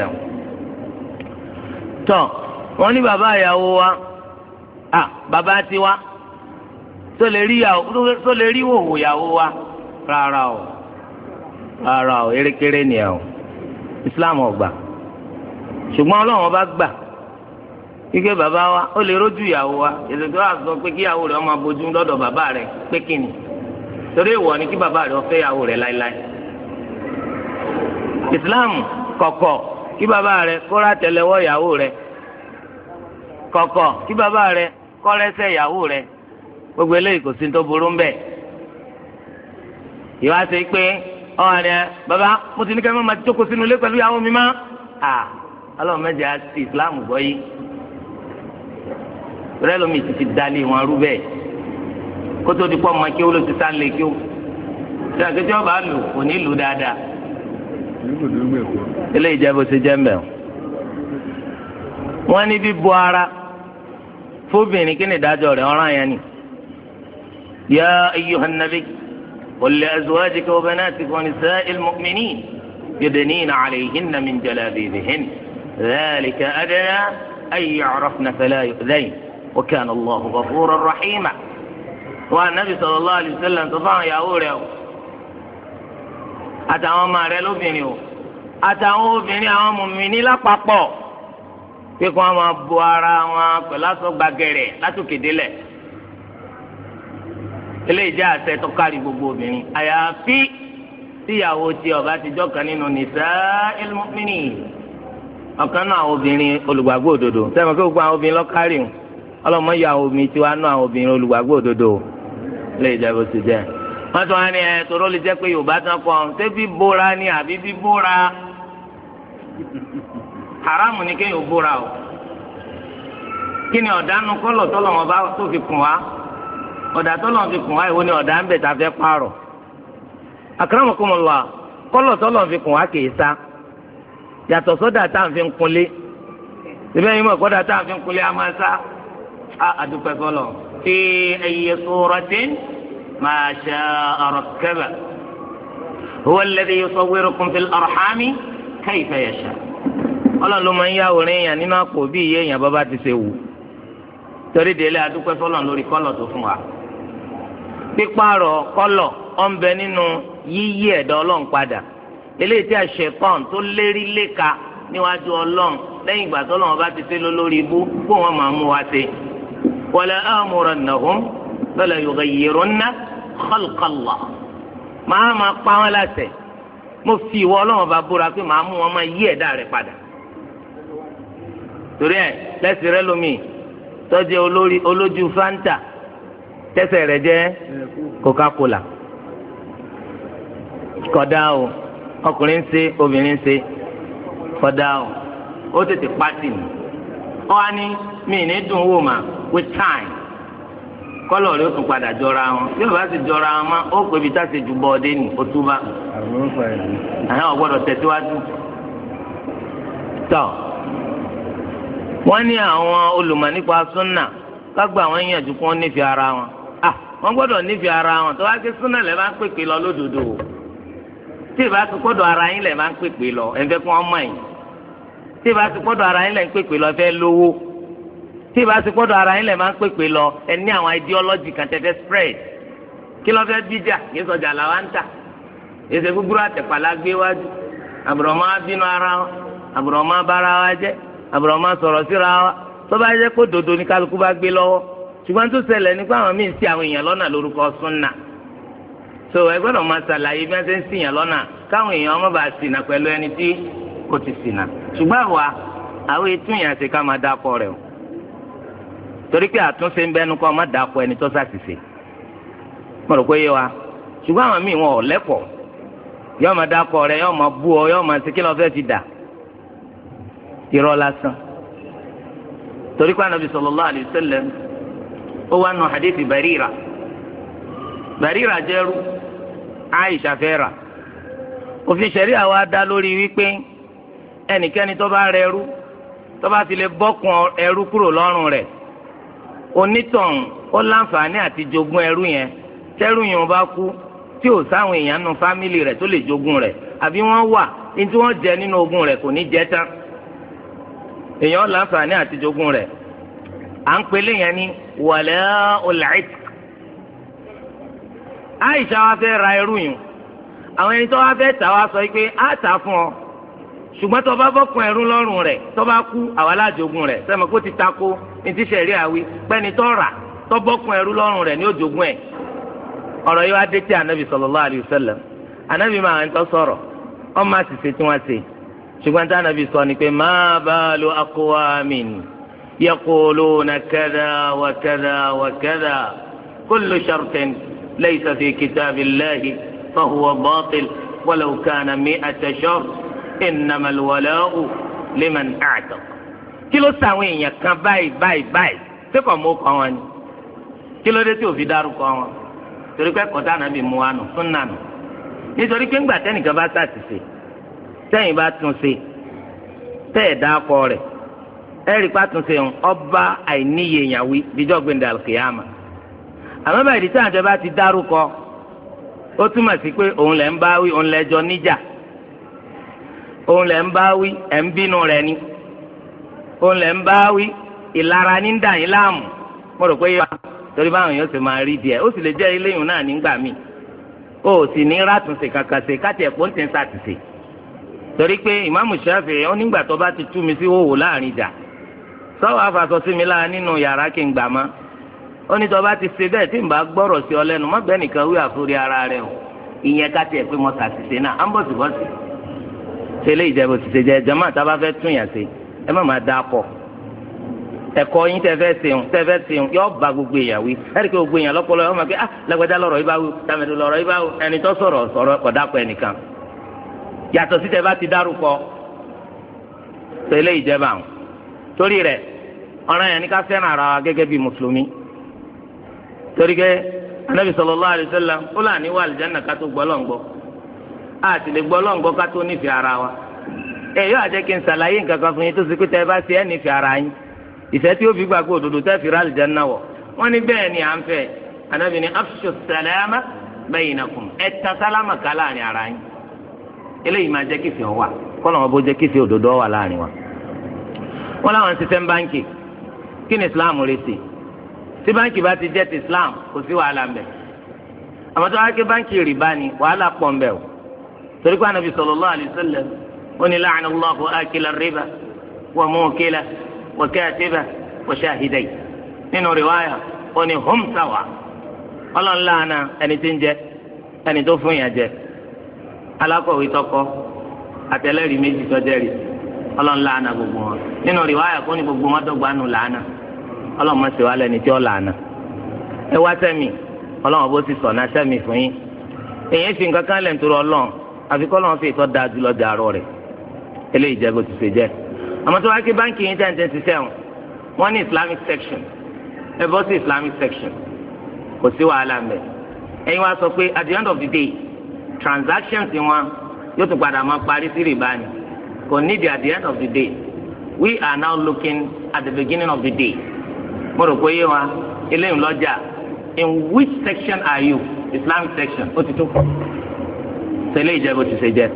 wọ́n ní bàbá ìyàwó wa à bàbá tiwa tó lè rí ìhòòhò ìyàwó wa rárá o rárá o erékeré ni ẹ o Islam ọgbà ṣùgbọ́n ọlọ́run ọba gbà kíkẹ́ bàbá wa ó lè rójú ìyàwó wa ìṣèjọ́ àzọ pé kí ìyàwó rẹ̀ ọmọ abojú lọ́dọ̀ bàbá rẹ̀ pé kíni torí ìwọ ni kí bàbá rẹ̀ ọfẹ́ ìyàwó rẹ̀ láéláé Islam kọ̀kọ̀ kí bàbá rẹ̀ kó ra ìyàwó rẹ̀ kọ̀kọ̀ kí bàbá rẹ kọ́rẹ́sẹ̀ ìyàwó rẹ gbogbo eléyìí kò sí tó burú mbẹ. ìwà ṣe pé ọ̀hún rẹ bàbá mo ti ní kẹ́mi máa jókòó sínú ilé pẹ̀lú ìyàwó mi má. ọlọ́run mẹ́jẹ á ti ìsìláàmù gbọ́ yìí. rẹ́ lómi ti fi dalé wọn rú bẹ́ẹ̀ kótó ti pọ́ ọmọ kí ó ló ti sá lé kí ó tí a kẹjọ bá lù kò ní lù dáadáa. ilé ìjẹ́bù ti jẹ́ mbẹ́ o. wọ́n ní bíbu ara fóbìnrin kí ni ìdájọ́ rẹ̀ ọ̀ràn yẹn ni. yá ayyuhan nabi qul li azwajika wa banatika wa nisa'il mu'minin yudnina 'alayhinna min jalabibihin dhalika adna an ya'rafna fala yu'dhayn wa kana Allahu ghafuran rahima. wa nabi sallallahu alayhi wa sallam tó fáwọn ìyàwó rẹ̀ o àtàwọn ọmọ rẹ̀ lóbìnrin o àtàwọn obìnrin àwọn mùmíní lápapọ̀. pé kí wọ́n máa bo ara wọn pẹ̀lú aṣọ gbàgẹ̀rẹ̀ látòkèdélẹ̀ eléyìí jẹ́ àṣẹ tó kárí gbogbo obìnrin àyàfi tíyàwó tí ọba ti jọ́kan nínú nisa'il mu'minin ọ̀kan náà àwọn obìnrin olùgbàgbọ́ òdodo sẹ́wọ̀n kí gbogbo àwọn obìnrin lọ́kárì ń ọlọ́mọ yà àwọn obìnrin tiwa náà àwọn obìnrin olùgbàgbọ́ òdodo eléyìí jẹ́ bó ti jẹ́ wọ́n sọ wọn ni ẹ̀ tòró lè jẹ́ pé yorùbá tán kọ́ ṣé bíbóra ni àbí bíbóra haramu ni kéèyàn búra o kí ni ọ̀dánù kọ́lọ̀ tọ́lọ̀ wọn bá tó fi kùn wá ọ̀dà tọ́lọ̀ fi kùn wá ìwọ ni ọ̀dà ń bẹ̀ tá a fẹ́ pààrọ̀ akramakumullah kọ́lọ̀ tọ́lọ̀ fi kùn wá kìí sá yàtọ̀ sọ́dà tá à ń fi kunlé síbẹ̀ yìí mọ̀ kọ́dà tá à ń kunlé a máa sá àdúpẹ́ kọ́lọ̀ fi ayyi suratin ma sha'a rakkaba huwa alladhi yusawwirukum fil arhami kayfa yasha' ọlọ́run ló máa ń yàwòrán èèyàn nínú àpò bí iye èèyàn bá bá ti ṣe wù torí délé adúpẹ́ fọlọ́n lórí kọ́lọ̀ tó fún wa pípààrọ̀ kọ́lọ̀ ọ̀nbẹ nínú yíyí ẹ̀dá ọlọ́run padà eléyìí tí àṣepọ̀n tó lérí léka níwájú ọlọ́run lẹ́yìn ìgbà tó bá ti ṣe lólórí ibú kó wọ́n máa mú wa ṣe wala amurannahum fala yughayyirunna khalqallah máa máa pa wọn láṣẹ mo fi ìwọ ọlọ́run bá búra pé màá mú wọn máa yí ẹ̀dá rẹ̀ padà torí ẹ lẹ́sìn rẹ lómi tọ́jú olórí olójú fanta tẹ́sẹ̀ rẹ coca-cola kódà o ọkùnrin ń ṣe obìnrin ń ṣe kódà o ó tètè pàtì ní ọ wá ní mi ní dùn wò mà with time kọlọ rẹ o tún padà jọra wọn bí o bá sì jọra wọn má ó pè ju wọ́n ní àwọn olùmọ̀ nípa súnà kágbà àwọn èèyàn jù kí wọ́n nífẹ̀ẹ́ ara wọn à wọ́n gbọ́dọ̀ nífẹ̀ẹ́ ara wọn tó wá sí súnà lẹ́ máa ń pèpè lọ lódodo tí ì bá ti kọ́dọ̀ ara yín lẹ́ máa ń pèpè lọ ẹ̀ ń fẹ́ kí wọ́n mọ̀ yín tí ì bá ti kọ́dọ̀ ara yín lẹ́ ń pèpè lọ fẹ́ lówó tí ìbá ti kọ́dọ̀ ara yín lẹ̀ máa ń pèpè lọ ẹ ní àwọn ideology kan tẹ́tẹ́ spread kí ló fẹ́ bíjà kí sọjà làwa ń tà èsè gbúgbúrú àtẹ̀pàlà gbé wájú àbùrọ̀mọ́ abínú ara wọn àbùrọ̀mọ́ abára wa jẹ́ àbùrọ̀ máa sọ̀rọ̀ síra wa tó bá yẹ kó dodo ní kálukú bá gbé lọ́wọ́ ṣùgbọ́n tó ṣẹlẹ̀ nípa àwọn míì sí àwọn èèyàn lọ́nà lórúkọ súnà so ẹ gbọ́dọ̀ máa ṣàlàyé bí wọ́n ṣe ń lọ́nà káwọn èèyàn ọmọ bá pẹ̀lú ẹni tí kò ti ṣùgbọ́n àwa àwọn ṣe ká máa dákọ rẹ o torí pé àtúnṣe ń bẹnu kọ́ dákọ ẹni tó ṣàṣìṣe mo rò pé yé wa ṣùgbọ́n àwọn míì wọn ò lẹ́kọ̀ọ́ yọ́ọ́ máa dákọ rẹ yọ́ọ́ máa bú ọ yọ́ọ́ máa ṣe kí ti dà irọ́ lásán torí pé anabi sallallahu alayhi wa sallam ó wà nù hadithi barira barira jẹ́rú aisha fẹ́ra òfin ṣẹ̀ríà wa dá lórí wípé ẹnikẹ́ni tó bá rẹrú tó bá ti lè bọ́kùn ẹrú kúrò lọ́rùn rẹ̀ onítọ̀hún ó láǹfààní àti jogún ẹrú yẹn tẹ́rù yẹn bá kú tí ò sáwọn èèyàn nu fámìlì rẹ̀ tó lè jogún rẹ̀ àbí wọ́n wà ní tí wọ́n jẹ nínú ogún rẹ̀ kò ní jẹ tán èèyàn láǹfààní àti jogún rẹ̀ à ń pelé yẹn ní wàlẹ́ ọ̀làìt. àìsà wa fẹ́ ra irú yìí àwọn ẹni tó wá fẹ́ tà wá sọ pé á tà fún ọ ṣùgbọ́n tó bá bọ́kun ẹrú lọ́rùn rẹ̀ tó bá kú àwa lájogún rẹ̀ sẹ́mi kó ti tako ní ti ṣẹ̀rí àwi pẹ́ni tó rà tó bọ́kun ẹrú lọ́rùn rẹ̀ ní òjogún ẹ̀ ọ̀rọ̀ yìí wá dé tí anabi sallallahu alaihi anabi máa ń tọ́ sọ̀rọ̀ ọ́n máa sì ṣe tí wọ́n ṣe ṣùgbọ́n tí anabi sọ ni pé máa bá lo akọwàmìn yaquluna kadha wa kadha wa kadha kullu shartin laysa fi kitabillahi fahuwa batil walau kana mi'ata shart innamal wala'u liman a'taq. kí ló sàwọn èèyàn kan báyìí báyìí báyìí tí kò mú kọ́ wọn ni kí ló dé tí òfin dárúkọ wọn torí pé kọ́tà nàbì mú wa nù fún nànù nítorí pé ńgbà tẹ́nìkan bá sàtìsẹ́ tẹ́yìn bá tún ṣe tẹ́ ẹ̀ dá kọ rẹ̀ ẹ̀rí pàtún ṣe ń ọba àìníye ìyàwó ìdíjọ́ gbẹ̀ndẹ̀ àlùkìyàmà àmọ́ bá ìdí táwọn ìjọba ti dárúkọ ó túmọ̀ sí pé òun lẹ̀ ń bá wí òun lẹ̀ jọ níjà òun lẹ̀ ń bá wí ẹ̀ ń bínú rẹ̀ ni òun lẹ̀ ń bá wí ìlara ní ń dà yín láàmú mo rò pé yóò torí báwọn èèyàn ṣe máa rí díẹ̀ ó sì lè jẹ́ iléyìn náà nígbà míì ó sì ní rátùnṣe kàkàṣe káti ẹ̀pọ̀ ń tẹ̀ ń sàtìṣe. torí pé ìmáàmù Ṣáfi'í ó nígbà tó bá ti tú mi sí hòhò láàrin ìjà sọ́wọ́ àfàsọ sí mi lára nínú yàrá kí n gbà má ó ní tó bá ti ṣe bẹ́ẹ̀ tí n bá gbọ́rọ̀ sí ọ lẹ́nu bẹ́ẹ̀ nìkan wí àforí ara rẹ o ìyẹn ká tiẹ̀ pé mo tà sí ṣe náà á ń bọ̀ sí. ṣe lè jẹ́ bó ti ṣe jẹ́ jama tá fẹ́ tún sí ẹ má máa dáa ẹ̀kọ́ yín ba gbogbo èèyàn wí ẹ̀rí pé gbogbo èèyàn lọ́pọ̀lọpọ̀ ọmọ ah, lọ́rọ̀ yìí bá yàtọ̀ sí tẹ bá ti dárúkọ tẹlẹ ìjẹba àwọn torí rẹ̀ ọ̀ràn yẹn ni ká fẹ́ràn ara wa gẹ́gẹ́ bí mùsùlùmí torí gẹ́ anabi sọlọ alaihi wasallam ó wà ká tó a ti lè gbọ́ lọ́ngbọ́ ká tó nífẹ̀ẹ́ ara wa ẹ yóò àjẹ́ kí n sàlàyé nǹkan kan fún yín tó ṣe pé tẹ bá ti ẹ́ nífẹ̀ẹ́ ara yín ìfẹ́ tí ó fi gbàgbọ́ tẹ́ fi wọ̀ ni à ń fẹ́ anabi ni ẹ̀ ara yín eléyìí máa jẹ́ kífì ọ̀wà kọ́nà wọn bó jẹ́ kífì òdodo ọ̀wà láàrin wa. wọ́n láwọn ń ṣiṣẹ́ báńkì kí ni islam retí tí báńkì bá ti jẹ́ ti islam kò sí wàhálà ń bẹ̀. àmọ́ tó wá ké báńkì rìbá ni wàhálà pọ̀ ń bẹ̀ o torí pé anabi sallallahu alayhi wa sallam ó ní la'ana Allahu akila riba wa mukila wa katiba wa shahidai nínú riwaya ó ní hum sawa ẹni tí ń jẹ ẹni tó fún yàn jẹ alákọ̀wé tọkọ àtẹlẹ́rìí méjì tọ́jẹ́rìí ọlọ́run làánà gbogbo wọn nínú rìwáyà kó ní gbogbo wọn nù làánà ọlọ́run mọ̀ sí tí làánà ẹ wá sẹ́mi ọlọ́run bó ti sọ̀ náà fún yín fi nǹkan lẹ̀ àfi kọ́ fi ìtọ́ da jùlọ di rẹ̀ eléyìí jẹ́ bó ti ṣe jẹ́ àmọ́ tó wá kí báńkì section ẹ bọ́ sí section kò sí transactions wọn yóò tún padà máa parí sí rìbá ni kò nídìí at the end of the day we are now looking at the beginning of the day mo rò pé yé wa eléyìí lọ́jà in which section are you islamic section ó ti tó kọ tẹ́lẹ̀ ìjẹbù ti ṣe jẹ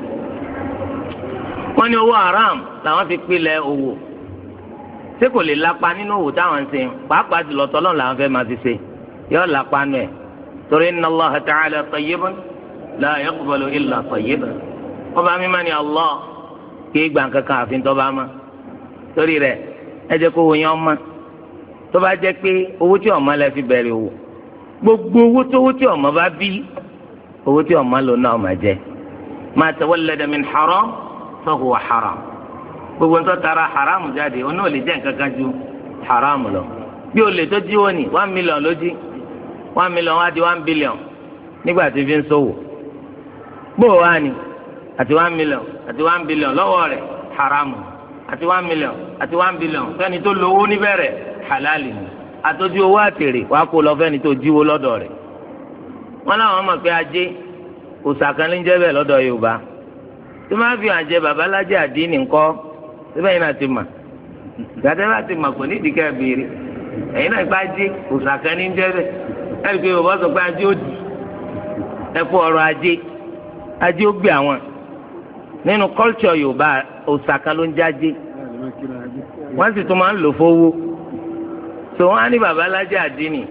wọ́n ní owó haram làwọn fi pilẹ̀ owó ṣé kò lè lapa nínú òwò táwọn ń ṣe pàápàá jùlọ tọlọ́run làwọn fẹ́ẹ́ máa fi ṣe yọ lapa nù ẹ torí inna Allaha ta'ala tayyibun. la yaqbalu illa tayyiban ọba iye ni Allah kí gbà Allah àfin tọ́ba ma torí rẹ̀ ẹ jẹ́ kó wọnyí ọmọ tó bá jẹ́ pé owó tí ọmọ lẹ fi gbogbo owó tó owó tí ọmọ bá bí owó haram haram gbogbo ń tara haram jáde ó náà lè jẹ́ ju haram lọ Bi o le jí wọ́n one million one million di one billion Nigbati gbóò wá ni àti one million àti one billion lọ́wọ́ rẹ̀ haramu àti one million àti one billion fẹ́ni tó lówó níbẹ̀rẹ̀ halali ni àtọ́jú owó àtèrè wàá kó lọ fẹ́ni tó jíwó lọ́dọ̀ rẹ̀ wọn làwọn mọ̀ pé ajé òòṣà kan ló ń jẹ́ bẹ́ẹ̀ lọ́dọ̀ yorùbá tí wọ́n fi àjẹ babalájẹ àdínì ńkọ́ síbẹ̀ yìí náà ti mà gbàdé bá ti mà kò ní ìdíkà béèrè ẹ̀yin náà gbájé òòṣà kan ní ń jẹ́ bẹ́ẹ̀ ajé ó gbé àwọn nínú culture yorùbá òsàkà ló ń jáde wọ́n sì tún máa ń lò fowó tó wọ́n á ní babalájẹ àdínì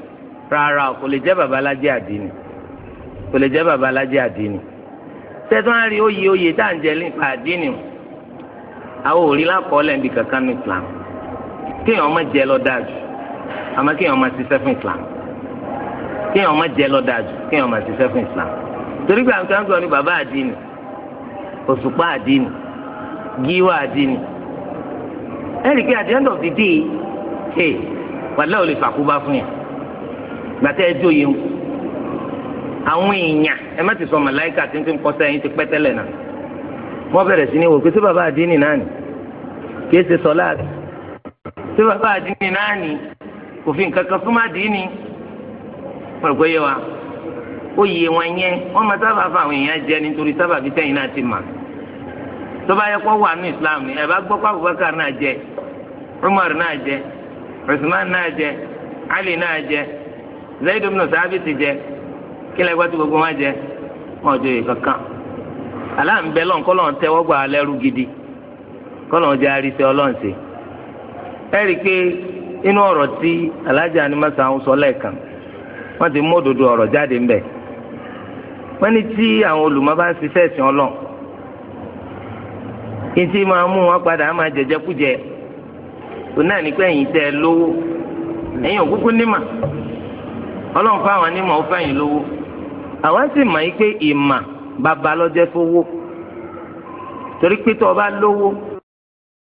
rárá kò lè jẹ́ babalájẹ àdínì kò lè jẹ́ babalájẹ àdínì tẹ́tọ́ á rí oyè oyè tá à ń jẹ nípa àdínì àwọn ò rí lákọọ́lẹ̀ níbi kankan ní islam kéèyàn ọmọ jẹ lọ dájú àmọ́ kéèyàn ọmọ ṣiṣẹ́ fún islam kéèyàn ọmọ jẹ lọ dájú kéèyàn ọmọ ṣiṣẹ́ fún islam torí pé àǹkà ń sọ ni bàbá àdínì òṣùpá àdínì gíwá àdínì ẹ̀rí pé at the end of the day ṣe wàlẹ́ ò lè fàkóbá fún yẹn gbàtẹ́ ẹjọ́ yẹn àwọn èèyàn ẹ má ti sọ màláìkà tí ń ti ń kọ́ sẹ́yìn ti pẹ́ tẹ́lẹ̀ náà wọ́n bẹ̀rẹ̀ sí ní wò pé sí bàbá àdínì náà ni kìí ṣe sọ láàbì sí bàbá àdínì náà ni kò fi nǹkan kan fún pẹ̀lú pé yẹ wa. oyè wọn yẹn wọ́n máa sábà fa àwọn èèyàn jẹ nítorí sábà fi sẹ́yìn náà ti mà yẹ kó wà ní ni gbọ́ abubakar náà jẹ umar náà jẹ usman náà jẹ ali náà jẹ zeid bin sábìtì jẹ kílẹ̀ gbogbo wọn jẹ wọn jọ yìí kankan aláǹbẹ̀ lọ́n kọ́ lọ́n tẹ́wọ́ gbà gidi kọ́ lọ́n jẹ́ rí i pé inú ọ̀rọ̀ tí alájà ni sọ jáde ńbẹ̀ wọ́n ní tí àwọn olùmọ̀ bá ń ṣiṣẹ́ ẹ̀sìn ọlọ́run kí n ti máa mú wọn padà á máa jẹjẹkújẹ tó náà ní pé ẹ̀yin tẹ́ ẹ lówó ẹ̀yin òkúkú nímà ọlọ́run fún àwọn ó fẹ́yìn lówó àwọn sì mọ̀ yí pé ìmà bàbá fowó torí pé tó o bá lówó.